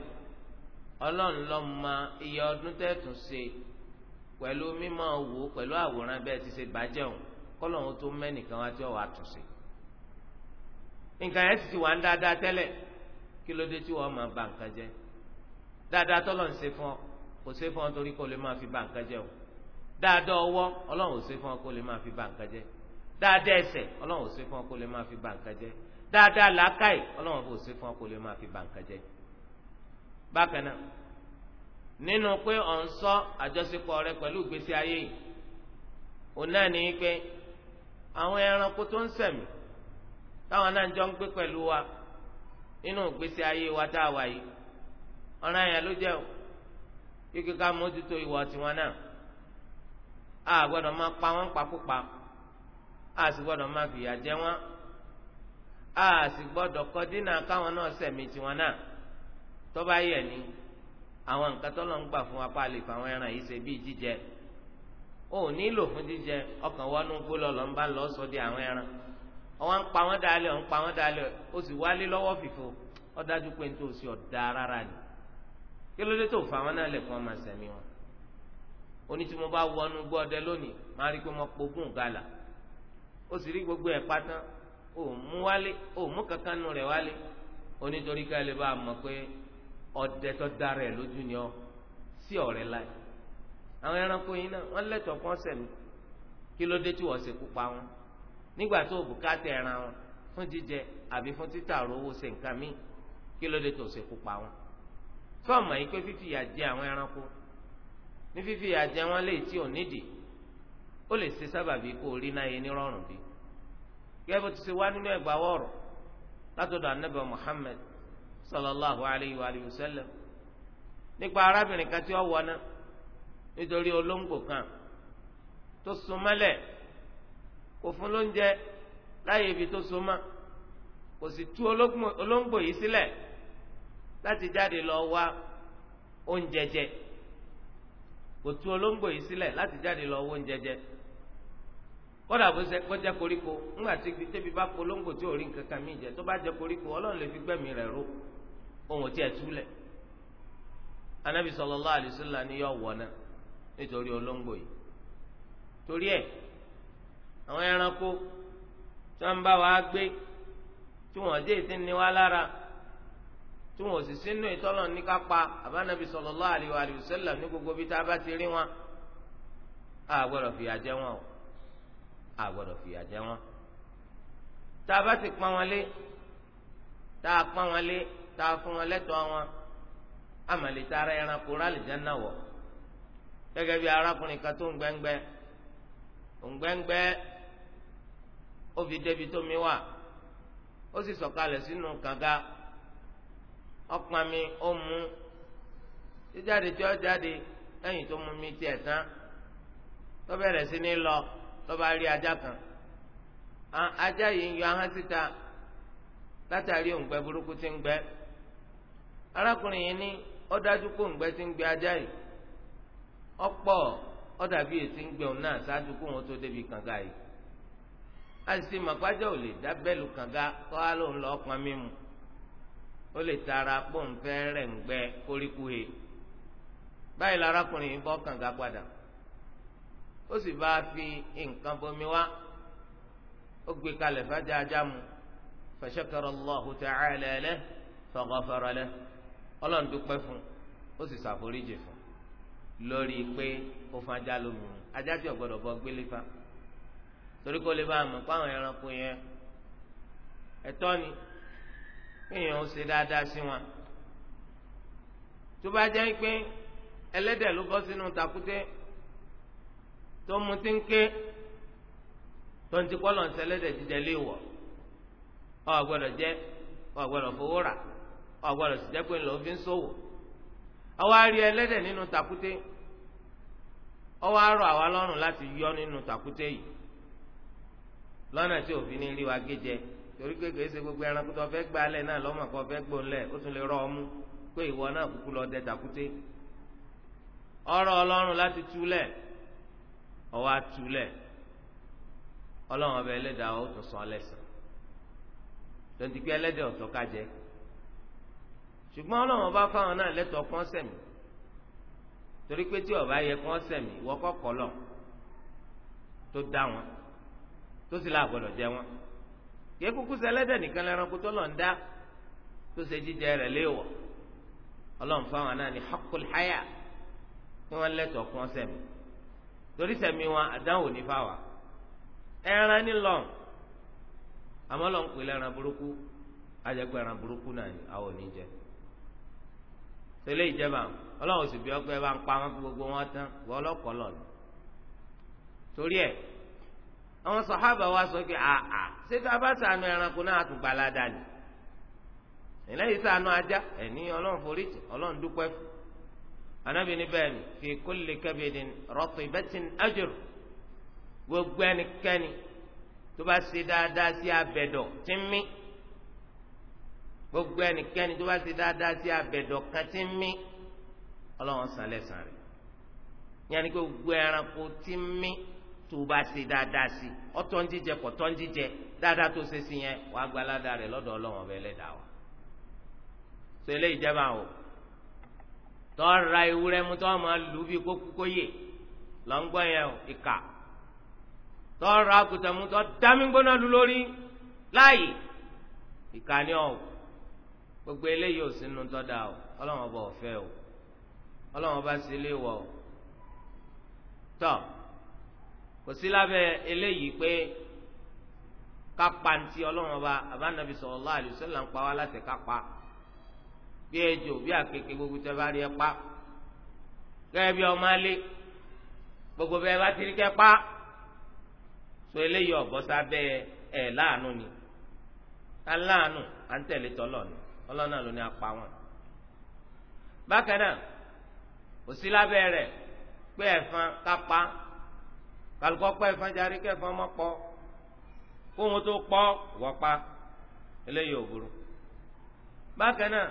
ọlọ́run ló mọ iye ọdún tẹ́ẹ̀tún ṣe pẹ̀lú mímọ́ wò pẹ̀lú àwòrán bẹ́ẹ̀ ti ṣe bàjẹ́ wọn kọ́lọ́run tó mẹ́nìkan wá tí ọ̀wá tún ṣe nǹkan yẹn sì ti wà ń dáadáa tẹ́lẹ̀ kí ló dé tí wọ́n máa ba nǹkan jẹ́ dáadáa tọ́lọ̀ dáadáa ọwọ́ ọlọ́run ò lè máa fi bà nǹkan jẹ́ dáadáa ẹsẹ̀ ọlọ́run ò lè máa fi bà nǹkan jẹ́ dáadáa làákàyè ọlọ́run ò máa fi bà nǹkan jẹ́. bákan náà nínú pé ọ̀n rẹ pẹ̀lú ìgbésí ayé yìí òun náà àwọn ẹranko tó ń sẹ̀mí táwọn náà jọ ń gbé pẹ̀lú wa nínú ìgbésí ayé yìí ọ̀ràn yẹn ló jẹ́ o kíkẹ́ mójútó a gbọdọ máa pa wọ́n pakúpa a sì gbọdọ máa fìyà jẹ wọn a sì gbọdọ kọ dínà káwọn náà sẹ̀mí tiwọn náà tó bá yẹ ni àwọn nǹkan tó lọ́n gbà fún wa pa lè àwọn ẹran yìí ṣe bíi jíjẹ o ò nílò fún jíjẹ ọkàn wọnú gbólọ lọ ń bá lọ sọ di àwọn ẹran ọwọ́ ń pa wọ́n dalẹ̀ ń pa wọ́n dalẹ̀ o sì wálé lọ́wọ́ fìfo ó dájú pé n tó o sì ọ̀dà rárá ni kí ló dé tó fà wọ́n náà lẹ̀ fún ọmọ sẹ̀mí wọn oní tí mo bá wọnú gbọ́ ọdẹ lónìí máa rí i pé mo pogún gàlà ó sì rí gbogbo ẹ̀ pátán ó mú wálé ó mú kankan nù rẹ̀ wálé onítorí ká lè bá a mọ̀ pé ọdẹ tó dára ẹ̀ lójú ni ọ sí ọ̀rẹ́ láì àwọn ẹranko yìí náà wọ́n lẹ́tọ̀ọ́ kọ́ sẹ̀mí kí ló dé tí wọ́n ṣe pupa wọn nígbà tó bùkátà ẹran wọn fún jíjẹ àbí fún títà rówó ṣe nǹkan míì kí ló dé tó ṣe pupa wọn fọ́ọ̀mù yìí pé fífi ìyà jẹ àwọn ẹranko ní fífi àjẹ wọn lè tí ò nídìí ó lè ṣe sábàbí kó rí náà yẹn nírọ̀rùn bí gẹ́gẹ́ bó ti ṣe wá nínú ẹ̀gbá wọ̀rọ̀ látọ̀dọ̀ anábẹ́ Muhammad sallallahu alayhi wa sallam nípa arábìnrin kan tí ó wọ náà nítorí olóńgbò kan tó sún mọ́lẹ̀ kò fún lóúnjẹ láyé ibi tó sún mọ́ kò sì tú olóńgbò yìí sílẹ̀ láti jáde lọ wá oúnjẹ jẹ. kò olongbo olóńgbò yìí sílẹ̀ láti jáde lọ owó oúnjẹ jẹ kódà bó ṣe kọjá koríko ńgbà tí bá polongo tí ò rí nǹkan kan mí jẹ tó bá jẹ koríko ọlọ́run lè fi gbẹ̀mí rẹ̀ ró ohun tí ẹ̀ túlẹ̀ anabi sallallahu alaihi ni yọ wọ̀ náà nítorí olóńgbò yìí torí ẹ̀ àwọn ẹranko tí bá wa gbé tí wọ́n dé wá tí wọn ò sì sínú ìtọ́lọ̀ ní kápá àbánabi sallallahu alaihi wa sallam ní gbogbo bí tá a bá ti rí wọn a gbọ́dọ̀ fìyà jẹ wọn o a gbọ́dọ̀ fìyà jẹ wọn tá a bá ti pọ́n wọn lé tá a pọ́n wọn lé tá a fún wọn lẹ́tọ̀ọ́ wọn amàlè tá ẹranko rálì jẹ́nà wọ̀ gẹ́gẹ́ bí arákùnrin kan tó ń gbẹ́ngbẹ́ ń gbẹ́ngbẹ́ ó fi débi tó mi ó sì sọ̀kalẹ̀ sínú kànga. ọpọn mi ó mú jíjáde tí ó jáde lẹ́yìn tó mú mi tiẹ̀ tán tó lọ tó bá rí ajá kan ajá yìí ń yọ ahọ́n síta látàrí òǹgbẹ burúkú tí ń gbẹ arákùnrin yìí ní ó dájú kó òǹgbẹ tí ń gbẹ ajá yìí ọ̀pọ̀ ń gbẹ òun náà ṣáájú kó tó débi kànga yìí àìsí ò lè dá bẹ́ẹ̀lù kànga kọ́ á lóun ó lè tara pọ́ǹfẹ́ rẹ̀ ń gbẹ koríko he báyìí larakùnrin yìí bọ́ kànga padà ó sì bá fi nǹkan bomi wá ó gbé kalẹ̀ fájà ajá mu fashakara Allahu ta'ala lahu faghafara lahu ọlọ́run dúpẹ́ fún ó sì ṣàforíjì fún lórí pé ó fún ajá lómi mu ajá tí bọ́ gbélé fa torí kó lè bá a mọ̀ pé àwọn ẹranko yẹn ẹ̀tọ́ ni. kéèyàn ó ṣe dáadáa sí wọn tó bá jẹ́ pé ẹlẹ́dẹ̀ ló bọ́ sínú takùtẹ́ tó mu ti ń ké tó ń ti kọ́ lọ́nṣẹ́ ẹlẹ́dẹ̀ jíjẹ lé wọ̀ ọ gbọ́dọ̀ jẹ ọ gbọ́dọ̀ fowó rà ọ gbọ́dọ̀ sì jẹ́ pé ńlọ fi ń ṣòwò àwa rí ẹlẹ́dẹ̀ nínú takùtẹ́ ọwọ́ arọ àwa lọ́rùn láti yọ nínú takùtẹ́ yìí lọ́nà tí òfin ní rí wa gé jẹ torí pé kìí ṣe gbogbo ẹranko tó fẹ́ gbà lẹ̀ náà lọ́mọ kó fẹ́ gbò ńlẹ̀ ó tún lè rọ ọmú pé ìwọ náà kúkú lọ dẹ tàkúté ọ̀rọ̀ Ọlọ́run láti túlẹ̀ ọwọ́ àtúlẹ̀ Ọlọ́run ọbẹ̀ ẹlẹ́dàá ó tún sọ lẹ́sàn tonti pé ẹlẹ́dẹ̀ ọ̀tọ̀ ká jẹ ṣùgbọ́n Ọlọ́run bá fáwọn náà lẹ́tọ̀ọ́ kán sẹ̀mí torí pé tí ọba yẹ kán sẹ̀mí ìwọ kọ́kọ́ lọ tó dá wọn tó sì láàgbọ́dọ̀ jẹ wọn. kìí kúkú sẹlẹ́dẹ̀ nìkan lẹ́ranko tó lọ́n dá tó ṣe jíjẹ rẹ̀ léèwọ̀ ọlọ́run fáwọn náà ní hakul haya kí wọ́n lẹ́tọ̀ọ́ kún ọ́sẹ̀ mi torí sẹ̀mí wọn àdánwò ní fáwà ẹran ní lọ́n àmọ́ lọ́n pè lẹ́ran burúkú ẹran burúkú náà àwọn jẹ ìjẹba sì gbogbo wọn tán wọ́n ọlọ́kọ̀ lọ́nà torí ẹ̀ àwọn sàhábà wa ṣé tá a bá sànù ẹranko náà tún gbà ládàá ni ìlẹ́yìn sànù ajá ẹ̀ní ọlọ́run foríjì ọlọ́run dúpẹ́ fún anábì ní bẹ́ẹ̀ ni fi kulli kabidin ratibatin ajr gbogbo ẹnikẹ́ni tó bá ṣe dáadáa sí abẹ́dọ̀ tí ń mí gbogbo ẹnikẹ́ni tó bá ṣe dáadáa sí abẹ́dọ̀ kan tí ń mí ọlọ́run sàn rẹ̀ yẹn ni gbogbo ẹranko tí ń mí tó o bá ṣe dáadáa sí ọtọ́ ń jíjẹ kọ̀ tọ́ ń jíjẹ dáadáa tó ṣe sí yẹn wàá gba aládàá rẹ̀ lọ́dọ̀ ọlọ́wọ́n ọbẹ̀ ẹlẹ́dàá wa. sọ eléyìí jẹ́ báwo tọ́ ra ewúrẹ́ mu tọ́ máa lù bí kókó kóyè lọ́ ń gbọ́ yẹn o ìkà tọ́ ra àgùntàn mu tọ́ dámígbóná lu lórí láàyè ìkà ni ọ̀ gbogbo eléyìí ò sínú tọ́ da o ọlọ́wọ́n ọba ọ̀fẹ́ o ọlọ́wọ́n ọba sílé wọ̀ o tọ́ kò sí lábẹ́ eléyìí pé kápá ntí ọlọ́run ọba àbánabi sallallahu alaihi wasallam ń pa wá láti kápá bí ejò bí àkekèé gbogbo tẹ́ bá rí ẹ pa gẹ́gẹ́ bí ọmọ alẹ́ gbogbo bẹ́ẹ̀ bá ti rí kẹ́ pa so eléyìí ọ̀bọ sábẹ́ ẹ̀ láàánú ni ká láàánú à ń tẹ̀lé tọ́lọ̀ ni ọlọ́run náà ló ní apá wọn. bákan náà kò sí lábẹ́ rẹ̀ pé ẹ̀fọn kápá kálukọ́ pẹ́ ìfọ́njarí kẹfọ́n mọ́ pọ́ kó wọn tó pọ́ wọ́n pa eléyìí ò burú. bákan náà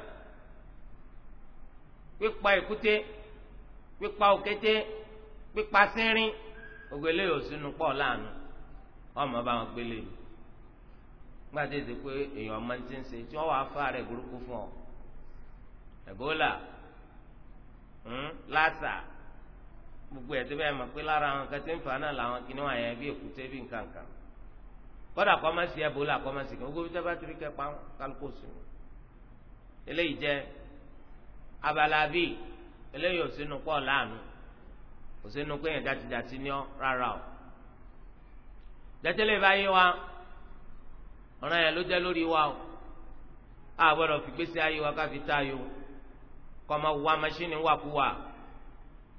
pípa èkúté pípa òkété pípa sínrin gbogbo eléyìí ò sínú pọ̀ láàánú ọmọ bá wọn gbélé mi gbàdé ti pé èèyàn ọmọ ti ń ṣe tí wọn wàá fa rẹ burúkú fún ọ Ebola lásà. Hmm? gbogbo ẹ̀ tó bẹ́ẹ̀ mọ̀ pé lára àwọn kan ti ń fà náà làwọn kìnnì wọn àyàn bí èkúté bí nǹkan kan kọ́dà kọ́ má sí ẹ̀bùrú àkọ́ má sí kí gbogbo tó bá torí kẹ́ pa kálukó sùn eléyìí jẹ́ abala bíi eléyìí ò sínú pọ̀ láàánú kò sínú pé yẹn dátidàtí ní ọ rárá o dátẹ́lẹ̀ báyìí wa ọ̀ràn yẹn ló jẹ́ lórí wa o a gbọ́dọ̀ fi ayé wa káfi tá a yọ kọ́ ma wá maṣíìnì wàkúwà. Wa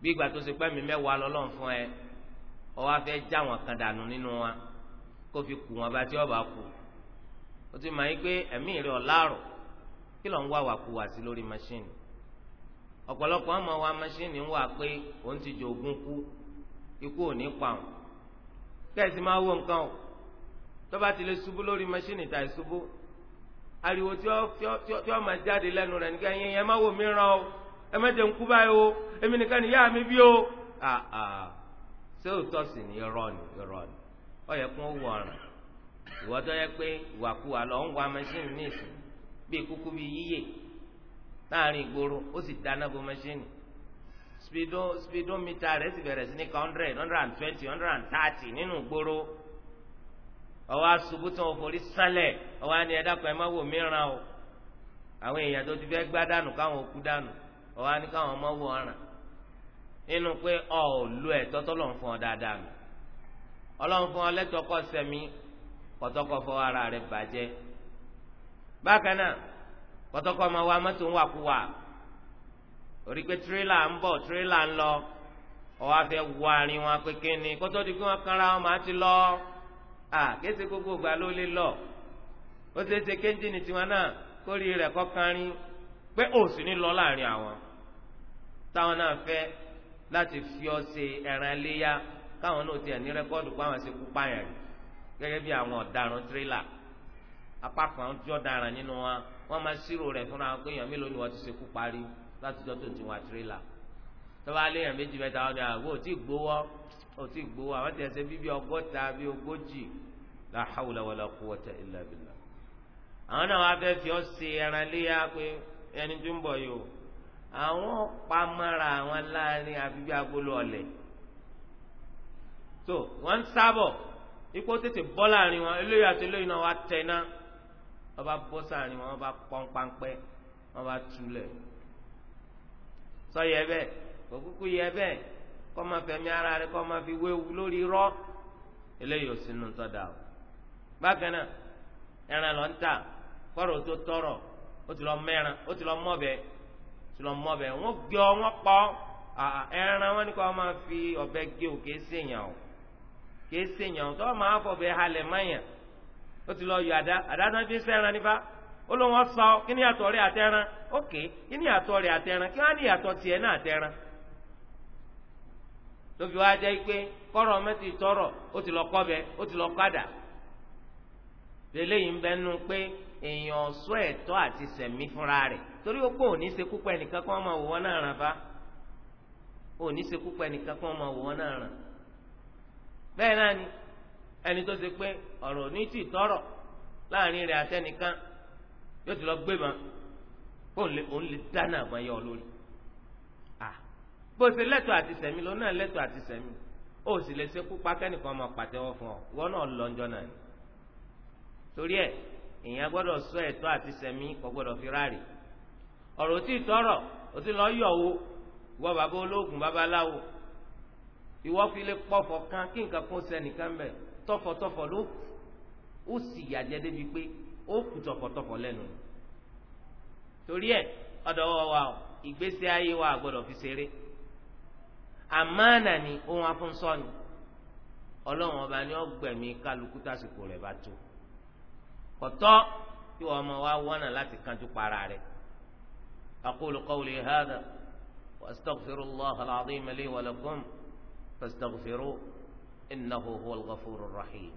bí ìgbà tó ṣe pé mi mẹ́wàá lọ́lọ́run fún ẹ ọwọ́ afẹ́ já wọn kan dànù nínú wa kó fi kù wọn bá tí ọba kù ó ti mọ̀ yín pé ẹ̀mí rẹ̀ ọ̀làrọ̀ kí ló ń wá wàkuwà sí lórí mọ́ṣíìnì ọ̀pọ̀lọpọ̀ ọmọ wa mọ́ṣíìnì ń wà pé òun ti jogún kú ikú ò ní pa òun kẹ́sì máa wọ nǹkan o tó bá ti lè ṣubú lórí mọ́ṣíìnì tà ìṣubú ariwo tí ó máa jáde lẹ́nu rẹ̀ nígbà yẹn yẹn má wò mí ràn o ẹ mẹ́tẹ̀ ń kú báyìí o èmi nìkan ni yá mi bí o ah, ah. ṣé òótọ́ sì ni irọ́ ni irọ́ ni ọ yẹ kó wọ ọ̀ràn ìwọ tó yẹ pé ìwàkuwà lọ ń wa mẹsìnì ní ìsìn bíi kúkú bíi yíyè láàrin ìgboro ó sì dáná bo mẹsìnì spido spidomita rẹ̀ sì bẹ̀rẹ̀ sí ní hundred hundred and twenty hundred and thirty nínú ìgboro ọwọ́ asubú tí wọ́n forí sálẹ̀ ọwọ́ á ní ẹ̀dá kan ẹ̀ má wò míràn o àwọn èèyàn tó ti fẹ́ gbá dànù káwọn òkú dànù. ọwọ ni káwọn ọmọ wọ ọràn nínú pé ọ ò lo ẹ̀tọ́ tó lọ́n fún ọ dáadáa mi Ọlọ́run fún ọ fọwọ́ ara bàjẹ́ bákan náà ọmọ wa mọ́tò ń orí pé tírélà ń bọ̀ tírélà ń lọ ọwọ wọ àárín wọn ti lọ à gbogbo ìgbà ló lé lọ ó ṣeé ṣe kéńjìnì tiwọn náà kórìí pé òsì ní táwọn náà fẹ́ láti fi ọ ṣe ẹran léyà káwọn náà tiẹ̀ ní rẹ́kọ́ọ̀dù pé àwọn ṣe kú pààyàn rí gẹ́gẹ́ bí àwọn ọ̀daràn tírélà apá kan jọ́ daràn nínú wa wọ́n máa ṣírò rẹ̀ fúnra wọn pé èèyàn mélòó ni wọ́n ti ṣe kú parí látijọ́ tó ti wà tírélà tọ́ba aléyàn méjì mẹ́ta wọn ni àwọn ah, ò tí ì gbowó ò tí ì gbowó àwọn ti ẹsẹ̀ bíbí ọgọ́ta bí ogójì la hawla wala quwwata illa billah àwọn náà wá fẹ́ fi ọ́ ṣe ẹran léyà pé ẹni tó ń bọ̀ yìí àwọn pamara àwọn láàrin àfi bí agolo ọ̀lẹ̀ tó wọ́n ń sábọ̀ ipò tètè bọ́ láàrin wọn eléyìí àti eléyìí náà wá tẹ̀ náà wọ́n bá bọ́ sáàrin wọn wọ́n bá pọ́npánpẹ́ wọ́n bá túlẹ̀ sọ yẹ bẹ́ẹ̀ kò kúkú yẹ bẹ́ẹ̀ kọ́ máa fẹ̀mí ara rẹ kọ́ máa fi wéwu lórí rọ́ eléyìí ò sínú tọ́da o bákan náà ẹran lọ ń tà kọ́rọ̀ tó tọrọ ó ti lọ mẹ́ran ó ti lọ mọ́bẹ̀ẹ́ tí lọ mọ bẹ́ẹ̀ wọ́n gbé ọ wọ́n pọ̀ ẹran wọn ni kò máa fi ọbẹ gé o kìí ṣèyàn o o tó máa fọ̀ bẹ́ẹ̀ halẹ̀ mọ́yàn o ti lọ yọ àdá àdá tó ń fi sẹ́ran nípa ó ló wọn sọ kí ni kí ni kí ní àtọ̀ náà jẹ́ pé kọ́rọ̀ mẹ́tì tọrọ̀ ó bẹ ó ti lọ padà lélẹ́yìn bẹ́ẹ̀ nu torí ó pé òní ṣekú pa ẹnìkan kí wọ́n máa wò wọ́n náà ràn bá òní ṣekú pa ẹnìkan kí wọ́n máa wò wọ́n náà ràn bẹ́ẹ̀ náà ni ẹni tó ṣe pé ọ̀rọ̀ ní tì tọrọ láàrin rẹ̀ àtẹnìkan yóò ti lọ gbé ma òun lè dáná àgbọn yọ lórí bó ṣe lẹ́tọ̀ àti sẹ̀mí ló náà lẹ́tọ̀ àti sẹ̀mí ó sì lè ṣekú pa kẹ́nìkan máa pàtẹ́wọ́ fún ọ ìwọ náà lọ́njọ́ náà ni torí ẹ̀ èèyàn gbọ́dọ̀ sọ ẹ̀tọ́ àti sẹ̀mí kò gbọ́dọ̀ fi ráàrí ọ̀rọ̀ tí ì tọrọ o ti lọ yọ̀ wo ìwọ bàbá olóògùn babaláwo ìwọ fi lè pọ̀fọ̀ kan kí nǹkan kún sẹ́nìkan bẹ̀ tọ̀fọ̀tọ̀fọ̀ ló ó sì yàjẹ́ débi pé ó kù tọ̀fọ̀tọ̀fọ̀ lẹ́nu torí ẹ̀ ọ̀dọ̀ wa ìgbésí ayé wa gbọ́dọ̀ fi ṣeré àmánà ni ohun afúnṣọ́ni ọlọ́run ọba ni ó gbẹ̀mí kálukú tásìkò rẹ̀ bá tó kọ̀tọ́ kí wọ́n ọmọ wa wọ́nà láti kánjú para rẹ̀ أقول قولي هذا وأستغفر الله العظيم لي ولكم فاستغفروه إنه هو الغفور الرحيم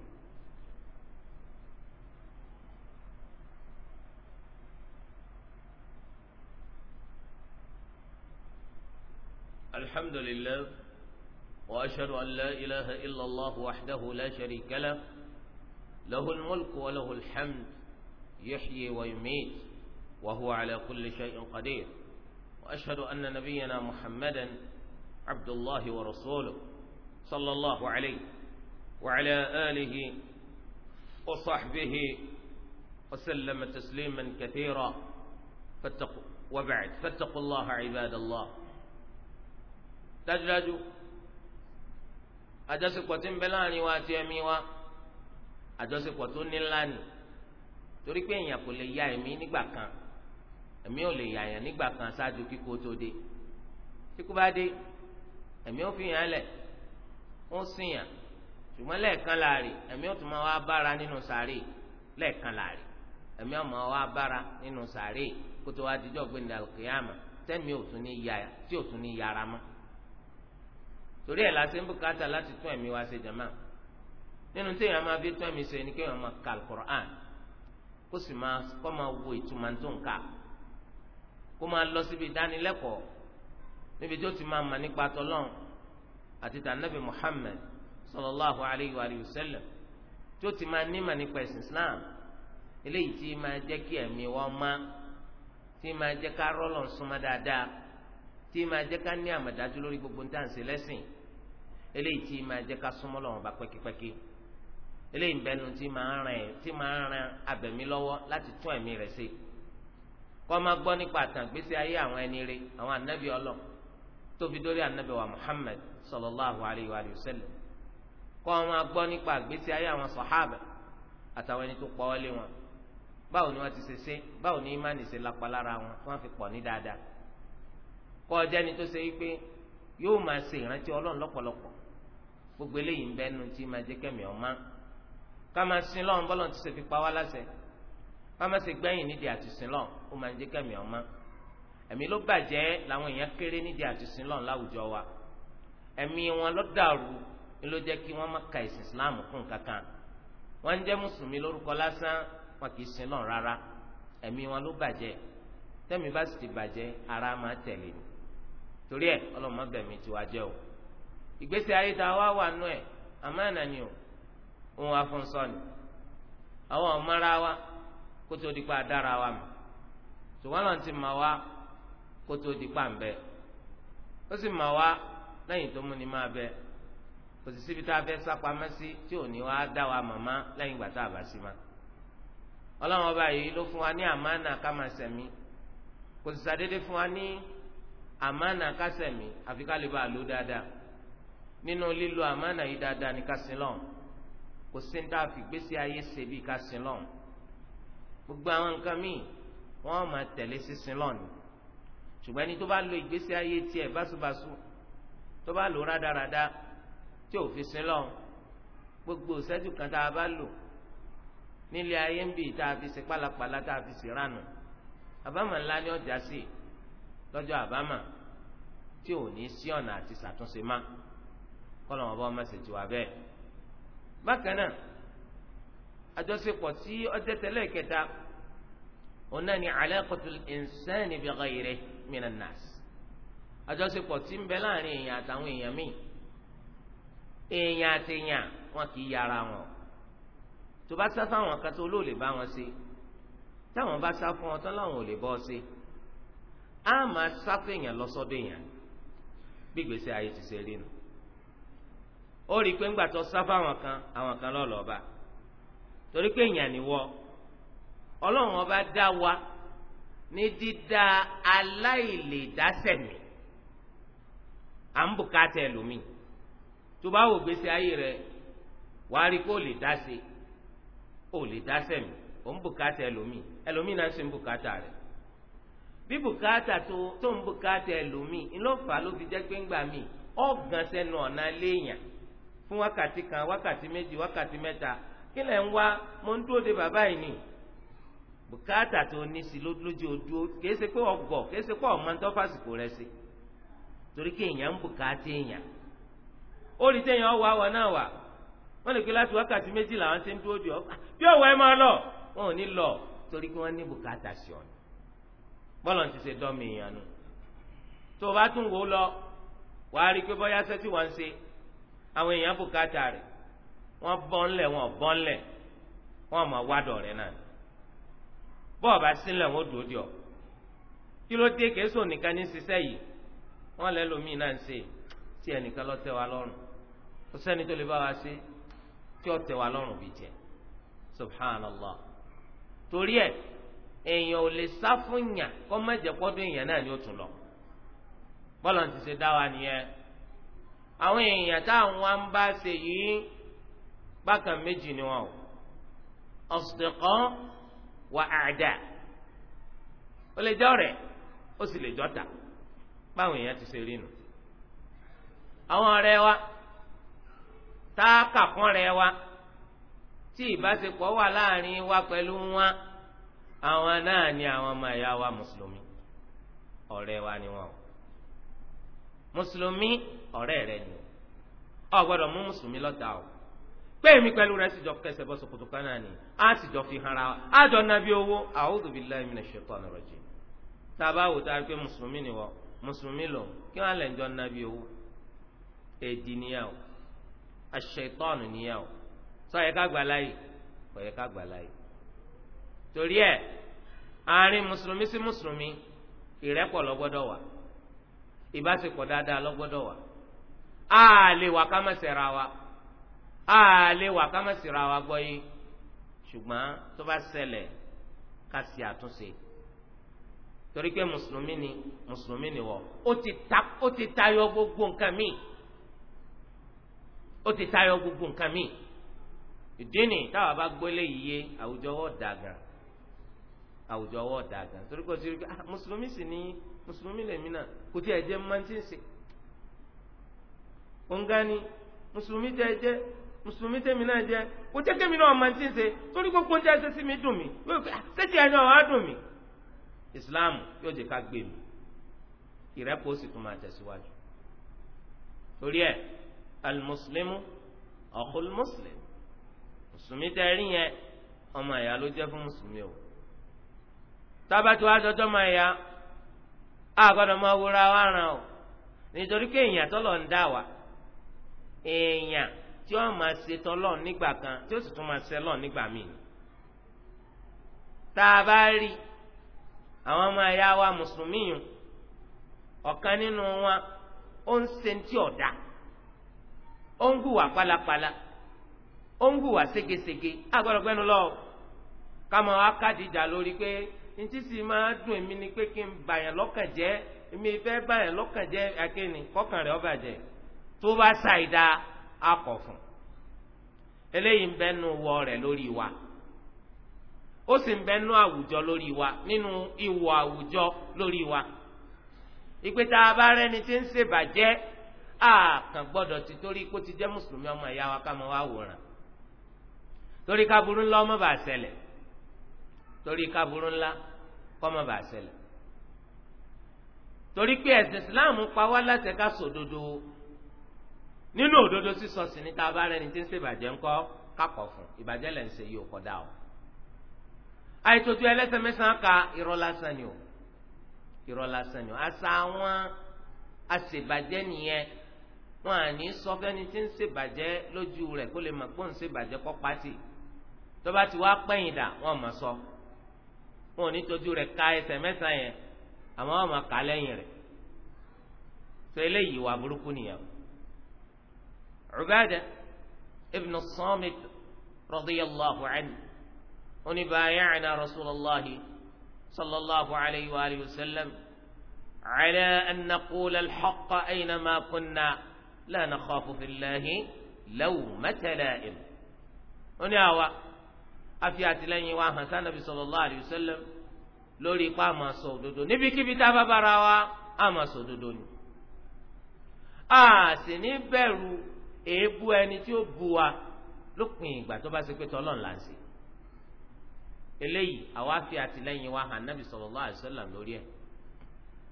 الحمد لله وأشهد أن لا إله إلا الله وحده لا شريك له له الملك وله الحمد يحيي ويميت وهو على كل شيء قدير واشهد ان نبينا محمدا عبد الله ورسوله صلى الله عليه وعلى اله وصحبه وسلم تسليما كثيرا فاتقوا وبعد فاتقوا الله عباد الله dájúdájú àjọṣepọ̀ وتنبلاني واتي bẹ láàrin wa àti ẹ̀mí wa àjọṣepọ̀ tó يا ni nla ẹ̀mí ò lè yàyàn nígbà kan ṣáájú kíkó tó dé kíkó bá dé ẹ̀mí ò fi yàn án lẹ̀ ó sìn yàn ṣùgbọ́n lẹ́ẹ̀kan láàrin ẹ̀mí ò tún máa wá bára nínú sàárè lẹ́ẹ̀kan láàrin ẹ̀mí ò máa wá bára nínú sàárè kó tó wá dijọ́ gbẹ̀ndà kìyàmà tẹ́mi ò tún ní ya tí ò tún ní yára mọ́ torí ẹ̀ la ṣe ń bùkátà láti tún ẹ̀mí wa ṣe jàmá nínú téèyàn máa fi tún ẹ̀mí ṣe ni kéèyàn máa ka Al-Qur'an kó sì máa kọ́ máa wo ìtumọ̀ tó ń kà á kó máa lọ síbi ìdánilẹ́kọ̀ọ́ níbi tí ó ti máa mọ̀ nípa tọ́lọ́n àti tànàbì Muhammad sallallahu alayhi wa sallam tí ó ti máa nímọ̀ nípa ẹ̀sìn Islam eléyìí tí máa jẹ́ kí ẹ̀mí wọn má tí máa jẹ́ ká rọ́lọ̀ súnmọ́ dáadáa tí máa jẹ́ ká ní àmọ̀dájú lórí gbogbo nǹkan ṣe lẹ́sìn eléyìí tí máa jẹ́ ká súnmọ́ lọ́wọ́n bá pẹ́kípẹ́kí eléyìí bẹnu tí máa ń ran abẹ̀mí lọ́wọ́ láti tún ẹ̀mí rẹ̀ ṣe kọ́ máa gbọ́ nípa àtàgbésí ayé àwọn ẹni rẹ àwọn anabi ọlọ́ tóbi dórí anabi wa Muhammad sallallahu alayhi wa sallam kọ́ máa gbọ́ nípa àgbésí ayé àwọn sàhábà àtàwọn ẹni tó pọ̀ ọ́ lé wọn báwo ni wọ́n ti ṣe ṣe báwo ni imáni ṣe lápá lára wọn tí wọ́n fi pọ̀ ní dáadáa kọ́ ọjà ni tó ṣe yí pé yóò máa ṣe ìrántí ọlọ́run lọ́pọ̀lọpọ̀ gbogbo eléyìí ń bẹ́ẹ̀ tí máa jẹ́ kẹ́mi ọ̀ ká máa sin lọ́run bọ́lọ́run ti ṣe fi pa wá láṣẹ wọn máa ṣe gbẹ̀yìn nídìí àti sinlọ ó máa ń jẹ kẹmí ọmọ ẹ̀mí ló bàjẹ́ làwọn èèyàn kéré nídìí àti sinlọ láwùjọ wa ẹ̀mí wọn ló dàrú ló jẹ́ kí wọ́n má ka ìsìn islam kún kankan wọ́n ń jẹ́ mùsùlùmí lórúkọ lásán wọn kì í sinlọ rárá ẹ̀mí wọn ló bàjẹ́ tẹ́mi bá sì ti bàjẹ́ ara máa tẹ̀lé mi torí ẹ̀ ọlọ́mọ bẹ̀mí tiwa jẹ́ o ìgbésí ayé o òun afúnṣọ́ ni àwọn ọmọ ara wa kótó di pa dára wa mọ̀ ṣùgbọ́n lọ́n ti mọ̀ wá kótó di pa ń bẹ ó sì mọ̀ wá lẹ́yìn tó mú ni máa bẹ kò sì síbi tá a fẹ́ sápamọ́ sí tí ò ní wá dá wa màmá lẹ́yìn ìgbà tá a bá sí ma ọlọ́run ọba yìí ló fún wa ní àmánà ká máa sẹ̀mí kò sì sàdédé fún wa ní àmánà ká sẹ̀mí àfi ká lè bá a lò dáadáa nínú lílo àmánà yìí dáadáa ní ká sin lọ́hùn kò sí ní tá a fi gbèsè ayé ṣe bí ká sin lọ́hùn gbogbo àwọn nǹkan míì wọ́n máa tẹ̀lé sísin lọ́nà ṣùgbọ́n ẹni tó bá lo ìgbésí ayé tiẹ̀ báṣubàṣu tó bá lò rádaràda tí ò fi sin lọ́n gbogbo ìṣẹ́jú kan tá a bá lò nílé ayé ń bì tá a fi ṣe pálapàla tá a fi ṣe ránù àbámà ńlá ni ọjà sí lọ́jọ́ àbámà tí ò ní sí ọ̀nà àti ṣàtúnṣe má kọ́lọ̀ wọn bá wọn mẹ́sẹ̀ tí wà bẹ́ẹ̀. bákan náà àjọṣepọ̀ tí ọjọ́ tẹ́lẹ̀ kẹta òun náà ni alaqatul insani bi ghayrihi minan nas àjọṣepọ̀ tí ń bẹ láàrin èèyàn àtàwọn èèyàn míì èèyàn àti èèyàn wọn kì í yára wọn tó bá sá fáwọn kan tó lóòlè bá wọn ṣe táwọn bá sá fún ọ tán láwọn ò lè bọ́ ọ ṣe máa sá fún èèyàn lọ́sọ́dọ̀ èèyàn bí ìgbésí ayé ti ṣe rí nu ó rí i pé ńgbà tó sá fáwọn kan àwọn kan lọ́ọ́ lọ́ọ́ bá torí pé èèyàn ni wọ́ọ́ ọlọ́run ọba dá wa ní dídá aláìlèdásẹ̀mí à ń bùkátà ẹlòmíì tó bá wò gbèsè ayé rẹ wàá rí kó lè dáse ó lè dásẹ̀mí ó ń bùkátà ẹlòmíì ẹlòmíì náà sì ń bùkátà rẹ bí bùkátà tó tó ń bùkátà ẹlòmíì ńlọ́fà ló fi jẹ́ pé ńgbà míì ọ̀gàn sẹ́nu ọ̀nà léèyàn fún wákàtí kan wákàtí méjì wákàtí mẹ́ta kí lẹ̀ ń wá mo ń dúró de bàbá yìí nìyí bùkátà tó ní sí lójú ojú kìí ṣe pé ọgọ kìí ṣe pé ọmọ tó fásitì rẹ sí torí kí èèyàn ń bùkátà èèyàn ó rí téèyàn wá wọn náà wà wọn lè pe láti wákàtí méjì làwọn ti ń dúró dùn ọ ah, bí ọwọ ẹ máa lọ wọn ò ní lọ torí kí wọn ní bùkátà sí ọnà bọlọ ti ṣe dọmi èèyàn nù tó o bá tún wò ó lọ wàá rí i pé bóyá sẹ́tì wọ́n ń ṣe àwọn èèyàn bùkátà rẹ̀ wọ́n bọ́ ńlẹ̀ wọ́n bọ́ ńlẹ̀ wọ́n mọ̀ wádọ̀ rẹ̀ náà bọ́ọ̀ bá sílẹ̀ wọn dùn ó di ọ kí ló dé kẹsàn nìkan ní ṣiṣẹ́ yìí wọ́n lẹ́ lómi náà ń ṣe tí ẹnìkan lọ tẹ́ wa lọ́rùn kò sẹ́ni tó lè bá wa ṣe tí ó tẹ́ wa lọ́rùn bí jẹ subhanallah torí ẹ èèyàn ò lè sá fún yàn kó má jẹ pọ́dún èèyàn náà ni ó tún lọ bọ́lá ti ṣe dá wa nìyẹn àwọn èèyàn táwọn wa ń bá ṣe yìí bákan méjì ni wọn o ọ̀sìnkàn wà àdá ó lè jẹ́ ọ̀rẹ́ ó sì lè jọ́ta báwọn èèyàn ti ṣe rí nu àwọn ọ̀rẹ́ wa tá a kà kún ọ̀rẹ́ wa tí ìbáṣepọ̀ wà láàrin wa pẹ̀lú wọn àwọn náà ni àwọn ọmọ ẹ̀yà wa mùsùlùmí ọ̀rẹ́ wa ni wọn o mùsùlùmí ọ̀rẹ́ rẹ ni o ò mú mùsùlùmí lọ́tà o pé èmi pẹ̀lú rẹ̀ sì jọ kẹsẹ̀ bọ́ sòkòtò kan náà ni á sì jọ fi hàn ra á jọ ná bí owó a'udhu billahi minash shaitani rajim tá a bá wò tá a rí pé mùsùlùmí ni wọ mùsùlùmí lò kí wọn lè jọ ná bí owó èdì níyàwó aṣ-ṣaitani níyàwó sọ yẹ ká gbà láyè kò yẹ ká gbà láyè torí ẹ àárín mùsùlùmí sí mùsùlùmí ìrẹ́pọ̀ ló wà ìbáṣepọ̀ dáadáa ló wà á lè wà ká má ṣẹ̀ra wa a lè wà ká má sira wa gbọ́ yìí ṣùgbọ́n tó bá ṣẹlẹ̀ ká sì àtúnṣe torí pé mùsùlùmí ni mùsùlùmí ni wọ ó ti ta ó ti tayọ gbogbo nǹkan míì ó ti tayọ gbogbo nǹkan míì ìdí ni táwa bá gbélé yìí àwùjọ wọ́ọ̀ dàgàn àwùjọ ọwọ́ ọ̀dà gan torí kò sí ah mùsùlùmí sì ni mùsùlùmí lèmi náà kò tí ẹ jẹ́ mọ́tíǹsì òǹgá ni mùsùlùmí tẹ ẹ mùsùlùmí tèmi náà jẹ́ kò jẹ́ kémi náà máa ti ń ṣe torí gbogbo ń jẹ́ ṣe sí mi dùn mí ṣéṣì ẹni ọ̀hún á dùn mí islam yóò jẹ́ ká gbé mi ìrẹ́pọ̀ sì tún máa tẹ̀síwájú torí ẹ̀ alimuslimu ọ̀kùn muslim mùsùlùmí tẹ́ rí yẹn ọmọ ìyá ló jẹ́ fún mùsùlùmí o tábàtú àjọjọ́ máa ya àgọ́dọ̀ máa wúra wá o nítorí pé èèyàn tó ń dá wa èèyàn tí ó máa ṣe tọlọ nígbà kan tí ó sì tún máa ṣe nígbà míì tá a bá rí àwọn ọmọ ẹ̀yà wa mùsùlùmí ọ̀kan nínú wọn ó ń ṣe tí ọ̀dà ó ń hùwà pálapàla ó ń hùwà ségesège lọ lórí pé sì máa dùn èmi ni pé kí n bàyàn lọ́kàn jẹ́ èmi fẹ́ bàyàn lọ́kàn jẹ́ akọ̀ fún eléyìí ń bẹ́nu wọ rẹ̀ lórí wa ó sì ń bẹ́nu àwùjọ lórí wa nínú ìwọ àwùjọ lórí wa ìpè tá a bá rẹ́ni tí ń ṣèbàjẹ́ àkàn gbọ́dọ̀ ti torí kó ti jẹ́ mùsùlùmí ọmọ ìyá wa ká máa wá wòran torí kaburú ńlá ọmọ bàá ṣẹlẹ̀ torí kaburú ńlá kọ́mọ bàá ṣẹlẹ̀ torí pé ẹ̀sìn Islam pa wá láti ká sòdodo nínú òdodo sísọ sí ní tábà rẹ ni tí ń ṣe ìbàjẹ́ ńkọ́ kákọ̀ fún ìbàjẹ́ lẹ̀ ń ṣe yìí ò kọ́dà o. àìtótó ẹlẹ́sẹ̀ mẹ́sàn-án ka irọ́ lásán ni o irọ́ lásán o àṣà àwọn àṣebàjẹ́ nìyẹn wọn à ní sọ fẹ́ni tí ń ṣèbàjẹ́ lójú rẹ̀ kó lè mọ̀ pé ń ṣèbàjẹ́ kọ́ pátì tó bá ti wá pẹ́yìn dà wọn mọ̀ sọ wọn ò ní tójú rẹ̀ ka ẹsẹ̀ mẹ́sàn-án yẹn àmọ́ wọn mọ̀ Ubadah ibn as-Samit radiyallahu anhu oni bayana rasulallahi sallallahu alayhi wa alihi wa sallam ala an naqula al-haqqa aynama kunna la nakhafu fillahi lawmata la'im oni àwa afi àtìlẹ́yìn wa hàn sanabi sallallahu alayhi wa sallam lórí ipa àmà sọ òdodo níbikíbi tá a bá bára wa àmà sọ òdodo ni a sì ní bẹ̀rù. èébú ẹni tí ó bu wa lópin ìgbà tó bá ṣe pé tọ́lọ́n là ṣe eléyìí àwa fi wa hàn nábì sallallahu alaihi wasallam lórí ẹ̀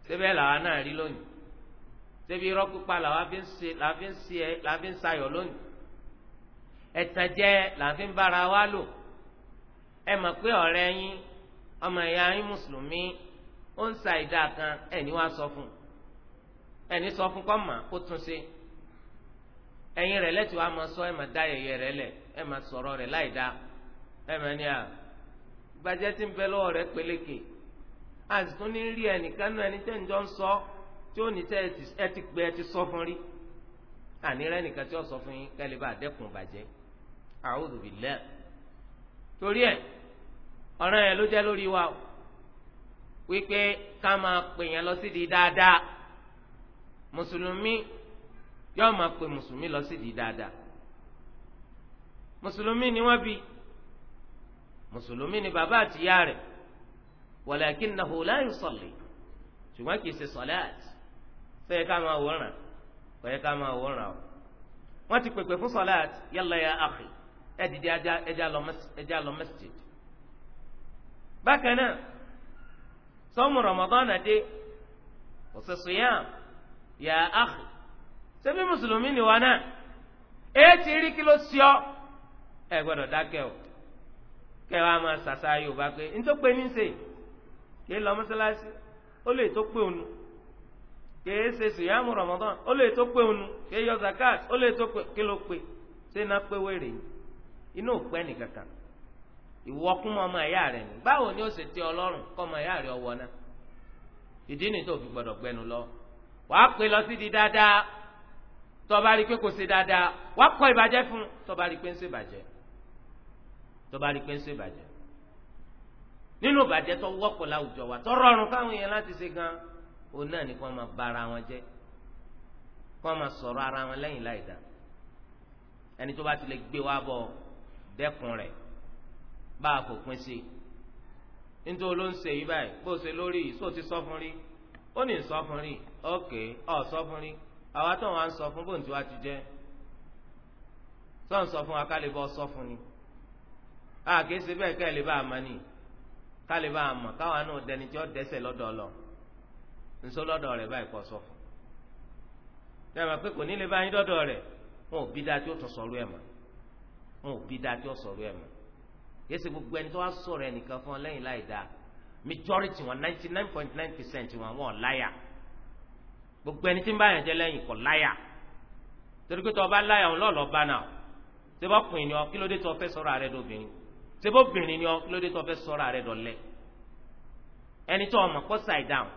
síbẹ̀ làwa náà rí lónìí síbi irọ́ pípa làwa fi ń ṣe làwa fi ń ṣe wa lò ẹ mọ̀ pé ọ̀rẹ́ yín ọmọ ìyá yín mùsùlùmí ó ń sa kan ẹ̀ ní wá sọ fún ẹ̀ ní ẹ̀yin rẹ̀ lẹ́tì wàá sọ ẹ̀ máa dá yẹyẹ rẹ̀ lẹ̀ ẹ̀ máa sọ̀rọ̀ rẹ̀ láì dá ẹ̀ máa ní à gbajẹ́ tí ń bẹ lọ́wọ́ peléke ní rí ẹnìkan ẹni tẹ́ ń jọ ń sọ tí ó ní tẹ́ ẹ ti pé ẹ ti sọ fún rí àní rẹ̀ nìkan tí ó sọ fún yín kẹ́lẹ́ bá dẹ́kun bàjẹ́ wa wípé ká mùsùlùmí yóò máa pe mùsùlùmí lọ sí di dáadáa mùsùlùmí ni wọ́n bí mùsùlùmí ni bàbá àti ìyá rẹ̀ walakinnahu la yusalli ṣùgbọ́n kì í ṣe sọ̀láàtì sẹ́yẹ ká máa wòran sẹ́yẹ ká máa wòran o wọ́n ti pèpè fún sọ̀láàtì yalla ya akhi ẹ̀ dìde ẹja lọ masjid bákan náà sọ́mu Ramadan dé òṣèṣù ya akhi. ṣebí mùsùlùmí wà náà ètí rí kí ló sí ọ ẹ gbọ́dọ̀ dákẹ́ o kẹwàá máa ṣàṣà yorùbá pé ntọ́pẹ́ ní sè kí lọ mọ́sálásí ó lè tó pé onu kí ẹ ṣe rọmọdán ó lè tó pé onu kí ẹ yọ zakat pé kí ló pé ṣé iná pé yìí ọmọ ẹ̀yà rẹ̀ ni báwo ó ti kọ́ ọmọ ẹ̀yà rẹ̀ ọwọ́ ìdí tó tó bá rí i pé kò ṣe dáadáa wá kọ ìbàjẹ́ fún tó bá rí i pé ń ṣe ìbàjẹ́ tó rí i pé ń ṣe ìbàjẹ́ nínú ìbàjẹ́ tó wọ́pọ̀ láwùjọ wa tó rọrùn káwọn èèyàn láti ṣe gan òun náà ni kí wọ́n máa ba ara wọn jẹ́ kí wọ́n máa sọ̀rọ̀ ara wọn lẹ́yìn láì dá ẹni tó bá ti lè gbé wá bọ̀ dẹ́kun rẹ̀ bá a kò pín sí i nítorí ló ń ṣe yí báyìí bó ṣe lórí yìí sóò ti sọ fún rí ó ní sọ fún ọ̀ sọ Okay. Oh, àwa tó wọn à ń sọ fún bóun tí wàá ti jẹ tó ń sọ fún wa ká lè bọ́ sọ fún ni a kìí ṣe bẹ́ẹ̀ ká lè bá a mọ̀ ni ká lè bá a mọ̀ káwa náà dẹni tí ó dẹ́ṣẹ̀ lọ́dọ̀ lọ nsọ lọ́dọ̀ rẹ̀ báyìí kọ́ sọ fún tẹ̀mọ̀ pé kò ní lè bá yín dọ́dọ̀ rẹ̀ wọn ò bí dáa tí ó tún sọ̀rọ̀ ẹ̀ mọ̀ wọn ò bí dáa tí ó sọ̀rọ̀ ẹ̀ mọ̀ yẹ́sì gbogbo ẹni tó wá sọ̀rọ̀ ẹnìkan fún ọ lẹ́yìn láì dáa majority wọn ninety nine point nine percent wọn wọn ò láyà. gbogbo ẹni tí ń bá yàn jẹ lẹ́yìn kò láyà torí pé tó o bá láyà ọ kí ló dé o fẹ́ sọ̀rọ̀ ṣé bó bìnrin ọ kí ló dé tó o fẹ́ sọ̀rọ̀ dọ̀lẹ́ ẹni tó o mọ̀ kó side down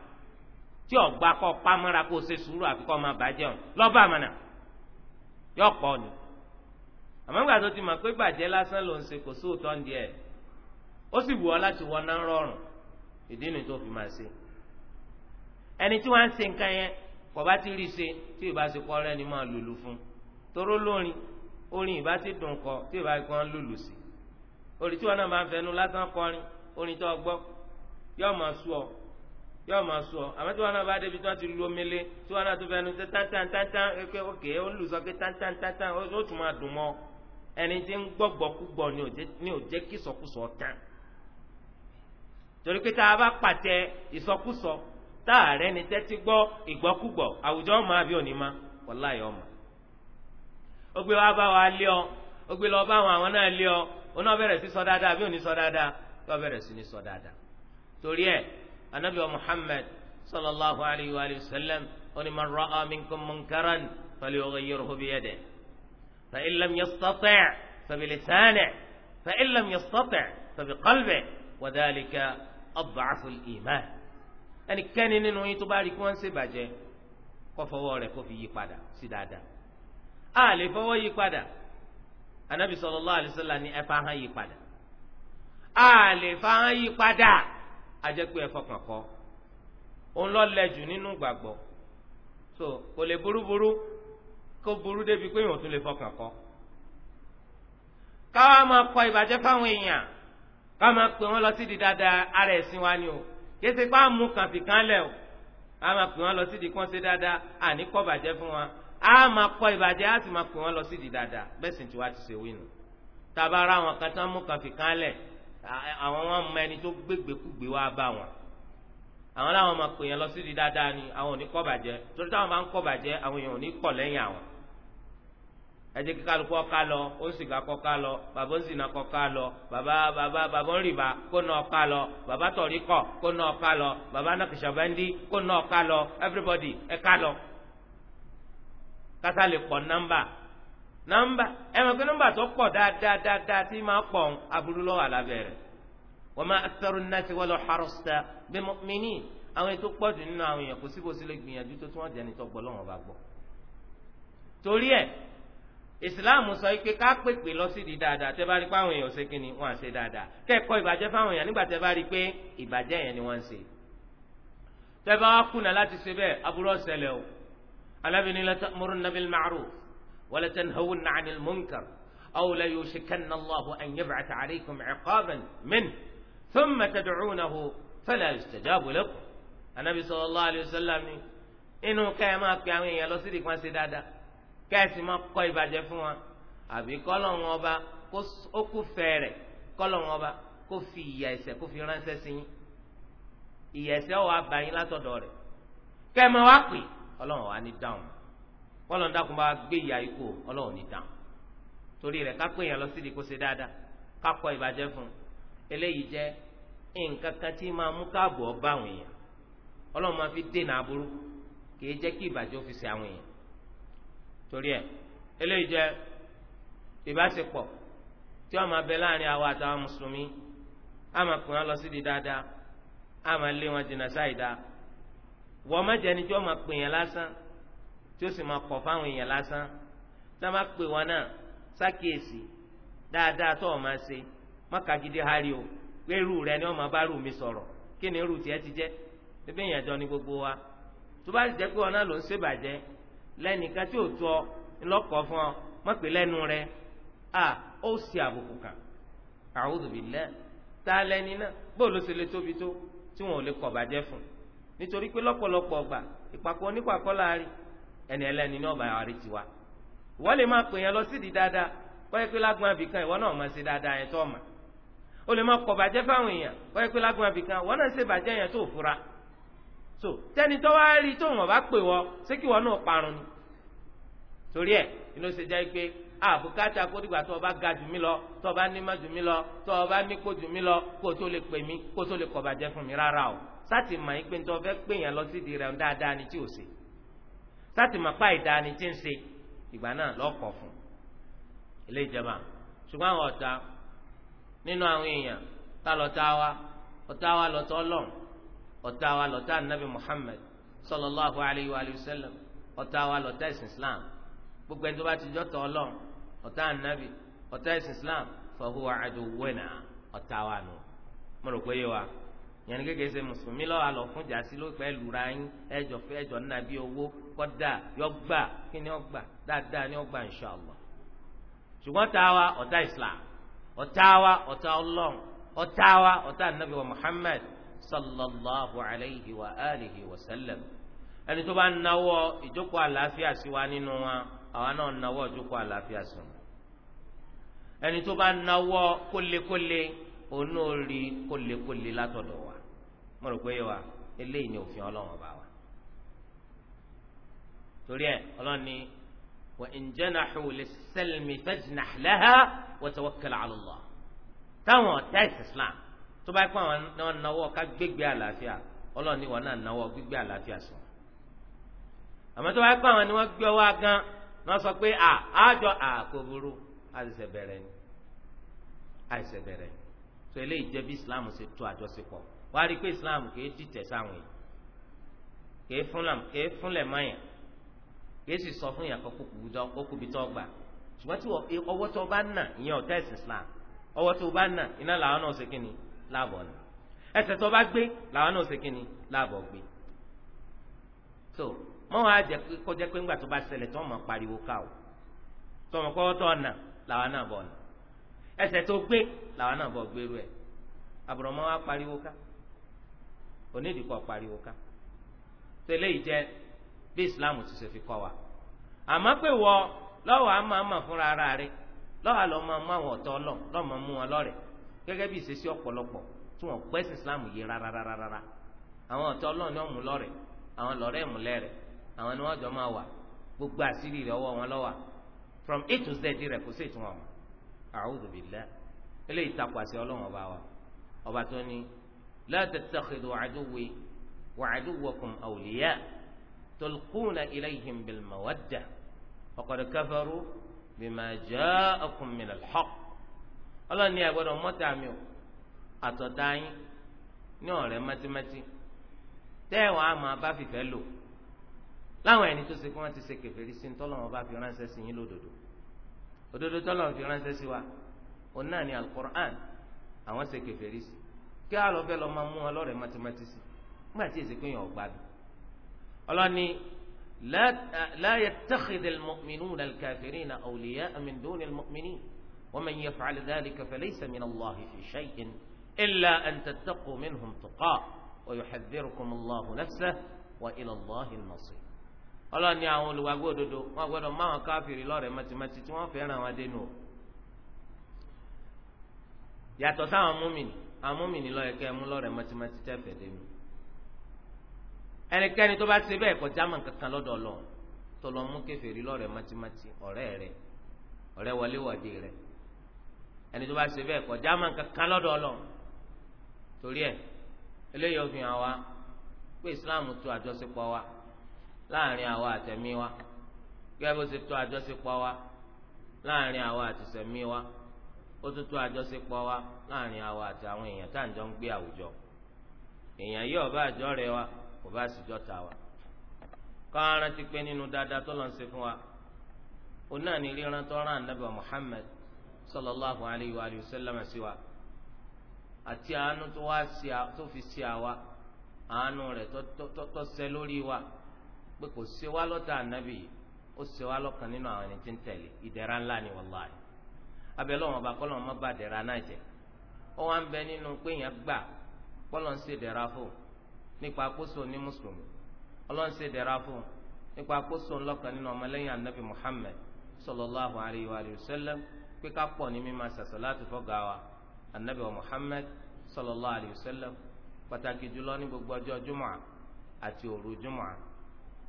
tí o gbà pa pamọ́ra kó o ṣe sùúrù àfi kọ́ máa bàjẹ́ òun lọ́ọ́ bá àmàna pọ̀ ni àmọ́ tó ti mọ̀ pé bàjẹ́ lásán ló ń ẹni tí kọba ti rí ṣe tí ìbá ṣe kọ rẹ ni máa lùlù fún toró lórin orin ìbá ti dùn kọ tí ìbá ṣe kọ ń lùlù sí orin tí wọn náà máa ń fẹnu lásán kọrin orin tó gbọ́ yóò máa sú ọ yóò máa sú ọ àmọ́ tí wọn náà bá débi tí wọn ti lu omele tí wọn náà tó fẹnu ṣe tántántántán pé òkè ó ń lù sọ pé tántántántán ó tún máa dùn mọ́ ẹni tí ń gbọgbọ kúgbọ ni ò jẹ́ kí ìsọkúsọ tán torí pé tá a bá pàtẹ ìsọkúsọ táàrẹ́ ni tẹ́tí gbọ́ ìgbọ́kúgbọ̀ àwùjọ ọmọ àbí òní ma wàláyé ọmọ. ó gbé wá bá wa lé ọ ó gbé lọ bá àwọn àwọn náà lé ọ òun náà bẹ̀rẹ̀ sí sọ dáadáa àbí òní sọ dáadáa yóò bẹ̀rẹ̀ sí ní sọ dáadáa. torí ẹ anabi wa muhammed sallallahu alayhi wa sallam oní rọ ra'a minkum munkaran fali biyadihi fa in lam yastati' fa bilisanihi fa in lam yastati' fa biqalbihi fabi dhalika ad'afu al-iman. ẹnikẹ́ni nínú yín tó bá rí kí wọ́n ń ṣèbàjẹ́ kó fọwọ́ rẹ̀ kó fi yí padà sí dáadáa a lè fọwọ́ yí padà anabi sallallahu alaihi wasallam ní ẹfọ ahọ́n yí padà a lè fọ ahọ́n yí padà ajẹ́pé ẹ̀fọ́ kankọ́ òun lọ lẹ́jù nínú gbàgbọ́ so kò lè burúburú kó burú débi pé èèyàn tún lè fọkàn kọ́ káwa máa kọ ìbàjẹ́ fáwọn èèyàn káwa máa pè wọ́n lọ sí di dáadáa ara ẹ̀sìn wa ni o kése pa mú kànfi kan lẹ̀ o a máa pè wọ́n lọ sídìí kán ṣe dáadáa àní kọ́ bàjẹ́ fún wọn a máa kọ́ ìbàjẹ́ a sì máa pè wọ́n lọ sídìí dáadáa bẹ́ẹ̀ sì ti wá ti ṣe wínu tabara àwọn kan tán mú kànfi kan lẹ̀ àwọn wọn mọ ẹni tó gbégbé kúgbé wá bá wọn àwọn làwọn máa pè yẹn lọ sídìí dáadáa ni àwọn ò ní kọ́ bàjẹ́ torí táwọn bá ń kọ́ bàjẹ́ àwọn èèyàn ò ní kọ́ lẹ́yìn àwọn ẹjẹ kí kálukú ọka lọ ó sìgá kọka lọ bàbá òsìnà kọka lọ bàbá bàbá bàbá òrìbà kó nà ọka lọ bàbá tọríkọ kó nà ọka lọ bàbá nàkìsàbẹ́ndì kó nà ọka lọ everybody ẹ ká lọ. kásá lè pọ̀ nọ́mbà nọ́mbà ẹ mọ̀ pé nọ́mbà tó pọ̀ dáadáa tí máa pọ̀ ń aburú lọ́wọ́ alábẹ́rẹ́ wa ma aktharu nnasi walau harasta bi mu'minin àwọn ètò pọ̀jù nínú àwọn èèyàn kò síbòsílẹ̀ ìsìláàmù sọ pé ká pèpè lọ sídìí dáadáa tẹ bá rí pé àwọn èèyàn ṣe kíni wọn à ṣe dáadáa kẹ́kọ̀ọ́ ìbàjẹ́ fáwọn èèyàn nígbà tẹ bá rí pé ìbàjẹ́ yẹn ni wọ́n ń ṣe. tẹ bá kùnà láti ṣe bẹ́ẹ̀ aburú ọ̀sẹ̀lẹ̀ o alábìnrin la ta'murunna bil ma'ruf wa la tanhawunna 'anil munkar aw la yushikanna Allahu an yab'atha 'alaykum 'iqaban min thumma kẹ́sì máa kọ́ ìbàjẹ́ fún wa àbí kọ́lọ́hún ọba ó kú fẹ́ẹ̀rẹ̀ kọ́lọ́hún ọba kó fi ìyà ẹ̀ṣẹ̀ kó fi ránṣẹ́ sí yín ìyà ẹ̀ṣẹ̀ ọ̀ abà yín látọ̀dọ̀ rẹ̀ kẹ́ ẹ máa wá pè ọlọ́run wa ní dáhùn kọ́lọ́hún dákun bá gbé ìyà ikú ọlọ́run ní dáhùn torí rẹ̀ ká pè lọ sídìí kó ṣe dáadáa ká kọ́ ìbàjẹ́ fún eléyìí jẹ́ nǹkan kan tí máa mú káàbọ̀ bá àwọn èèyàn fi dènà aburú kì í jẹ́ kí ìbàjẹ́ torí ẹ eléyìí jẹ ìbáṣepọ̀ tí wọn máa bẹ láàrin àwa àtàwọn mùsùlùmí á a ma lọ sí di dáadáa á lé wọn jìnnà sáìdá wọn má jẹni tí wọn máa pè yẹn lásán tí ó sì máa kọ̀ fáwọn èèyàn lásán tí wọn máa pè wọn náà sákìyèsí dáadáa tó o máa ṣe má kagídí o pé irú rẹ ni wọn máa bá mi sọ̀rọ̀ kí ni irú ti jẹ́ bíbí ni gbogbo wa tó bá pé wọn náà lẹ́nìkan tí ò tọ́ ńlọ́kọ̀ fún ọ má lẹ́nu rẹ a ó sì àbùkù kàn a'udhu billah tá a lẹ́ni náà bó ló ṣe lè tóbi tó tí wọn ò lè kọ̀ bàjẹ́ fún nítorí pé lọ́pọ̀lọpọ̀ ọgbà ìpapọ̀ onípàkọ́ láàrin ẹni ẹlẹ́ni ní ọba àárín tiwa ìwọ lè máa pè yẹn lọ sídìí dáadáa kọ́yẹ́ pé lágbọ́n abìkan ìwọ náà máa ṣe dáadáa yẹn tó ọ̀mà o lè máa kọ̀ bàjẹ́ fáwọn èèyàn kọ́yẹ́ pé lágbọ́n abìkan ìwọ náà ṣe bàjẹ́ yẹn tó fura so tẹ́ni tó wá rí tó wọ́n bá pè wọ́ ṣé kí wọ́n náà parun ni torí ẹ̀ inú ṣe jẹ́ pé àbùkátà kó dìgbà tó o bá ga jù mí lọ tó o bá nímọ̀ jù mí lọ tó o bá nípò jù mí lọ kó o tó lè pè mí kó o tó lè kọ̀bàjẹ́ fún mi rárá o sátì mà yín pé ní fẹ́ pè yẹn lọ sídìí rẹ̀ dáadáa ni tí o ṣe sátì mà pa ìdáa ni tí ń ṣe ìgbà náà lọ́kọ̀ fún ilé ìjọba ṣùgbọ́n àwọn ọ̀tá nínú àwọn èèyàn tá lọ́tá wa ọ̀tá wa lọ́tọ́ ọlọ́run ọ̀tá wa lọ̀tá anabi muhammed sallallahu alayhi wa sallam ọ̀tá wa lọ̀tá ẹ̀sìn islam gbogbo ẹni tó bá ti jọ́tọ̀ ọlọ́run ọ̀tá anabi ọ̀tá ẹ̀sìn islam fahuwa aduwwuna ọ̀tá wa nù mo rò pé yé wa yẹnni kékeré ṣe mùsùlùmí lọ́wọ́ àlọ́ fún jàsí ló fẹ́ lura yín ẹjọ́ fẹ́ ẹjọ́ nínú àbí owó kọ́dà yọ gbà kí ni ọ gbà dáadáa ni ọ gbà inshallah ṣùgbọ́n tá wa ọ̀tá islam ọ̀tá wa ọ̀tá ọlọ́run ọ̀tá wa ọ̀tá anabi wa muhammed sallallahu alayhi wa alihi wa sallam ẹni tó bá náwó ìjókòó àlàáfíà sí wa nínú wa àwa náà náwó ìjókòó àlàáfíà sí wa ẹni tó bá náwó kólekóle onóòrí kólekóle látọ̀dọ̀ wa mo rò pé wa eléyìí ni òfin ọlọ́run ọba wa torí ẹ ọlọ́run ni wa in janahu lis-salmi fajnah laha wa táwọn ọ̀tá ìsìsìlámù tó bá kó àwọn náà náwó ká gbégbé àlàáfíà ọlọ́run ni wọn náà náwó gbígbé àlàáfíà sùn àmọ́ tó bá kó àwọn ni wọ́n gbé ọwọ́ gan náà sọ pé à àjọ àkóboro àìsè bẹ̀rẹ̀ ni àìsè bẹ̀rẹ̀ ni tó eléyìí jẹ́ bí Islam ṣe tó àjọṣepọ̀ wàá rí i pé Islam kì í dìtẹ̀ sáwọn yìí kì í fúnlẹ̀ mọ́yàn kì í sì sọ fún yàtọ̀ kókùbí tó gbà ṣùgbọ́n tí ọwọ́ tó bá nà ìyẹn ọ̀tá ẹ̀sìn Islam ọwọ́ tó bá nà iná làwọn náà ṣe kí ni láàbọ̀ ni ẹsẹ̀ tó bá gbé làwọn náà ṣe kínni láàbọ̀ gbé so mọ́ wàá jẹ́ pé kọjá pé ńgbà tó bá ṣẹlẹ̀ tó mọ̀ pariwo ká o tó mọ̀ kọ́ tó ọ̀nà làwọn náà bọ̀ ọ̀nà ẹsẹ̀ tó gbé làwọn náà bọ̀ gbérú ẹ̀ àbùrọ̀mọ́ wàá pariwo ká onídìíkọ̀ pariwo ká tẹ́lẹ̀ yìí jẹ́ bí Islam ti ṣe fi kọ́ wa àmọ́ pé wọ lọ́wọ́ àmọ́ àmọ́ fúnra ara rẹ lọ́wọ́ àlọ́ máa mú àwọn ọ̀tọ́ lọ lọ́mọ mú wọn lọ́rẹ̀ẹ́ gẹ́gẹ́ bí ìṣesí ọ̀pọ̀lọpọ̀ tí wọ́n pẹ́ sí islam yìí rárárárá àwọn ọ̀tá ọlọ́run náà mú lọ́rẹ̀ àwọn lọ́rẹ́ ìmúlẹ́rẹ̀ àwọn ni wọ́n jọ máa wà gbogbo àṣírí rẹ̀ ọwọ́ wọn lọ́wà from a to z rẹ̀ kò sí ìtumọ̀ wọn a'udhu billah eléyìí takò àṣẹ ọba wa ọba tó ní la tattakhidhu aduwwi wa aduwwakum awliya tulquna ilayhim bil mawadda faqad kafaru bima ja'akum min al-haqq ọlọ́ni ẹ gbọ́dọ̀ mọ́tà mi o àtọ̀tà yín ní ọ̀rẹ́ mẹ́tímẹ́tí tẹ́wọ̀n àmọ́ abáfìfẹ́ lò láwọn ẹni tó ṣe kí wọ́n ti ṣe kèfèrí sí tọ́lọ́wọ́n bá fi ránṣẹ́ sí yín lódodo òdodo tọ́lọ́wọ́n fi ránṣẹ́ sí wa òun náà ni alukur'an àwọn ṣe kèfèrí sí kí á lọ fẹ́ lọ máa mú wọn lọ́rẹ̀ẹ́ mọ́tímẹ́tí sí nígbà tí èsì péyàn ọgbà bí ọlọ́ni la yattakhidil mu'minuna al-kafirina awliya'a min dunil mu'minin ومن يفعل ذلك فليس من الله في شيء إلا أن تتقوا منهم تقاء ويحذركم الله نفسه وإلى الله المصير ọlọ́run ní àwọn olùwàgbọ́ òdodo wọn gbọ́dọ̀ máwọn káfíìrì lọ́rẹ̀ mọ̀tìmọ̀tì tí wọ́n fẹ́ràn wọn dénú o yàtọ̀ sáwọn múmìnì àwọn múmìnì lọ́yẹ̀ kẹ́ ẹ mú lọ́rẹ̀ mọ̀tìmọ̀tì tẹ́fẹ̀ẹ́ dénú ẹnikẹ́ni tó bá ṣe bẹ́ẹ̀ kọjá mọ̀ kankan lọ́dọ̀ ọlọ́run tó lọ mú kèfèrí lọ́rẹ̀ mọ̀tìmọ̀tì ọ̀rẹ́ rẹ̀ ọ̀rẹ́ wọléwọ̀de rẹ̀ ẹni tó bá ṣe bẹ́ẹ̀ kọjá máa ń kankan lọ́dọ̀ ọlọ́run torí ẹ̀ eléyìí ó fi hàn pé islam tó àjọṣepọ̀ wa láàrin àwa àtẹ̀mí wa gẹ́gẹ́ bó ṣe tó àjọṣepọ̀ wa láàrin àwa àtìsẹ̀mí wa ó tún tó àjọṣepọ̀ wa láàrin àwa àti àwọn èèyàn tá à ń jọ ń gbé àwùjọ èèyàn ọba àjọ rẹ wa kò bá ta wa kọ́ arántí pé nínú dáadáa tó lọ́n ṣe fún wa òun náà Muhammad sallallahu alayhi wa sallam sí wa àti àánú tó wá sí a tó fi sí àwa àánú rẹ̀ tó ṣe lórí wa pé kò ṣe wá lọ́tà ànábì ó ṣe wá lọ́kàn nínú àwọn ẹni tí ń tẹ̀lé ìdẹ̀ra ńlá ni wàláhì abẹ́lẹ́ wọn bá kọ́lọ́ wọn bá dẹ̀ra náà jẹ́ ó wá ń bẹ nínú pé èèyàn gbà kọ́lọ́ ń ṣe dẹ̀ra fún nípa àkóso ní mùsùlùmí ọlọ́n ṣe dẹ̀ra fún nípa àkóso ńlọ́kàn nínú ọmọlẹ́yìn ànábì Muhammad sallallahu alayhi wa sallam pé ká pọ̀ ní mímá sàṣàlátù fọ́gà wa anabi wa muhammed sallallahu alayhi wa sallam pàtàkì jùlọ ní gbogbo ọjọ́ jumu'a àti òru jumu'a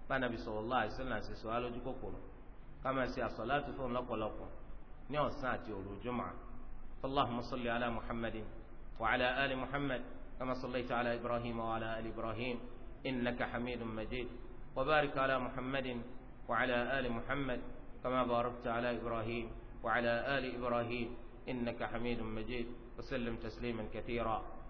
bánabi sallallahu alayhi wa sallam ṣe sọ alójú kòkòrò ká máa ṣe àṣàlátù fún lọ́pọ̀lọpọ̀ ní ọ̀sán àti òru jumu'a allahumma salli ala muhammadin wa ala ali muhammad kama sallaita ala ibrahim wa ala ali ibrahim innaka hamidun majid wa barik ala muhammadin wa ala ali muhammad kama barakta ala ibrahim. وعلى آل إبراهيم إنك حميد مجيد وسلم تسليما كثيرا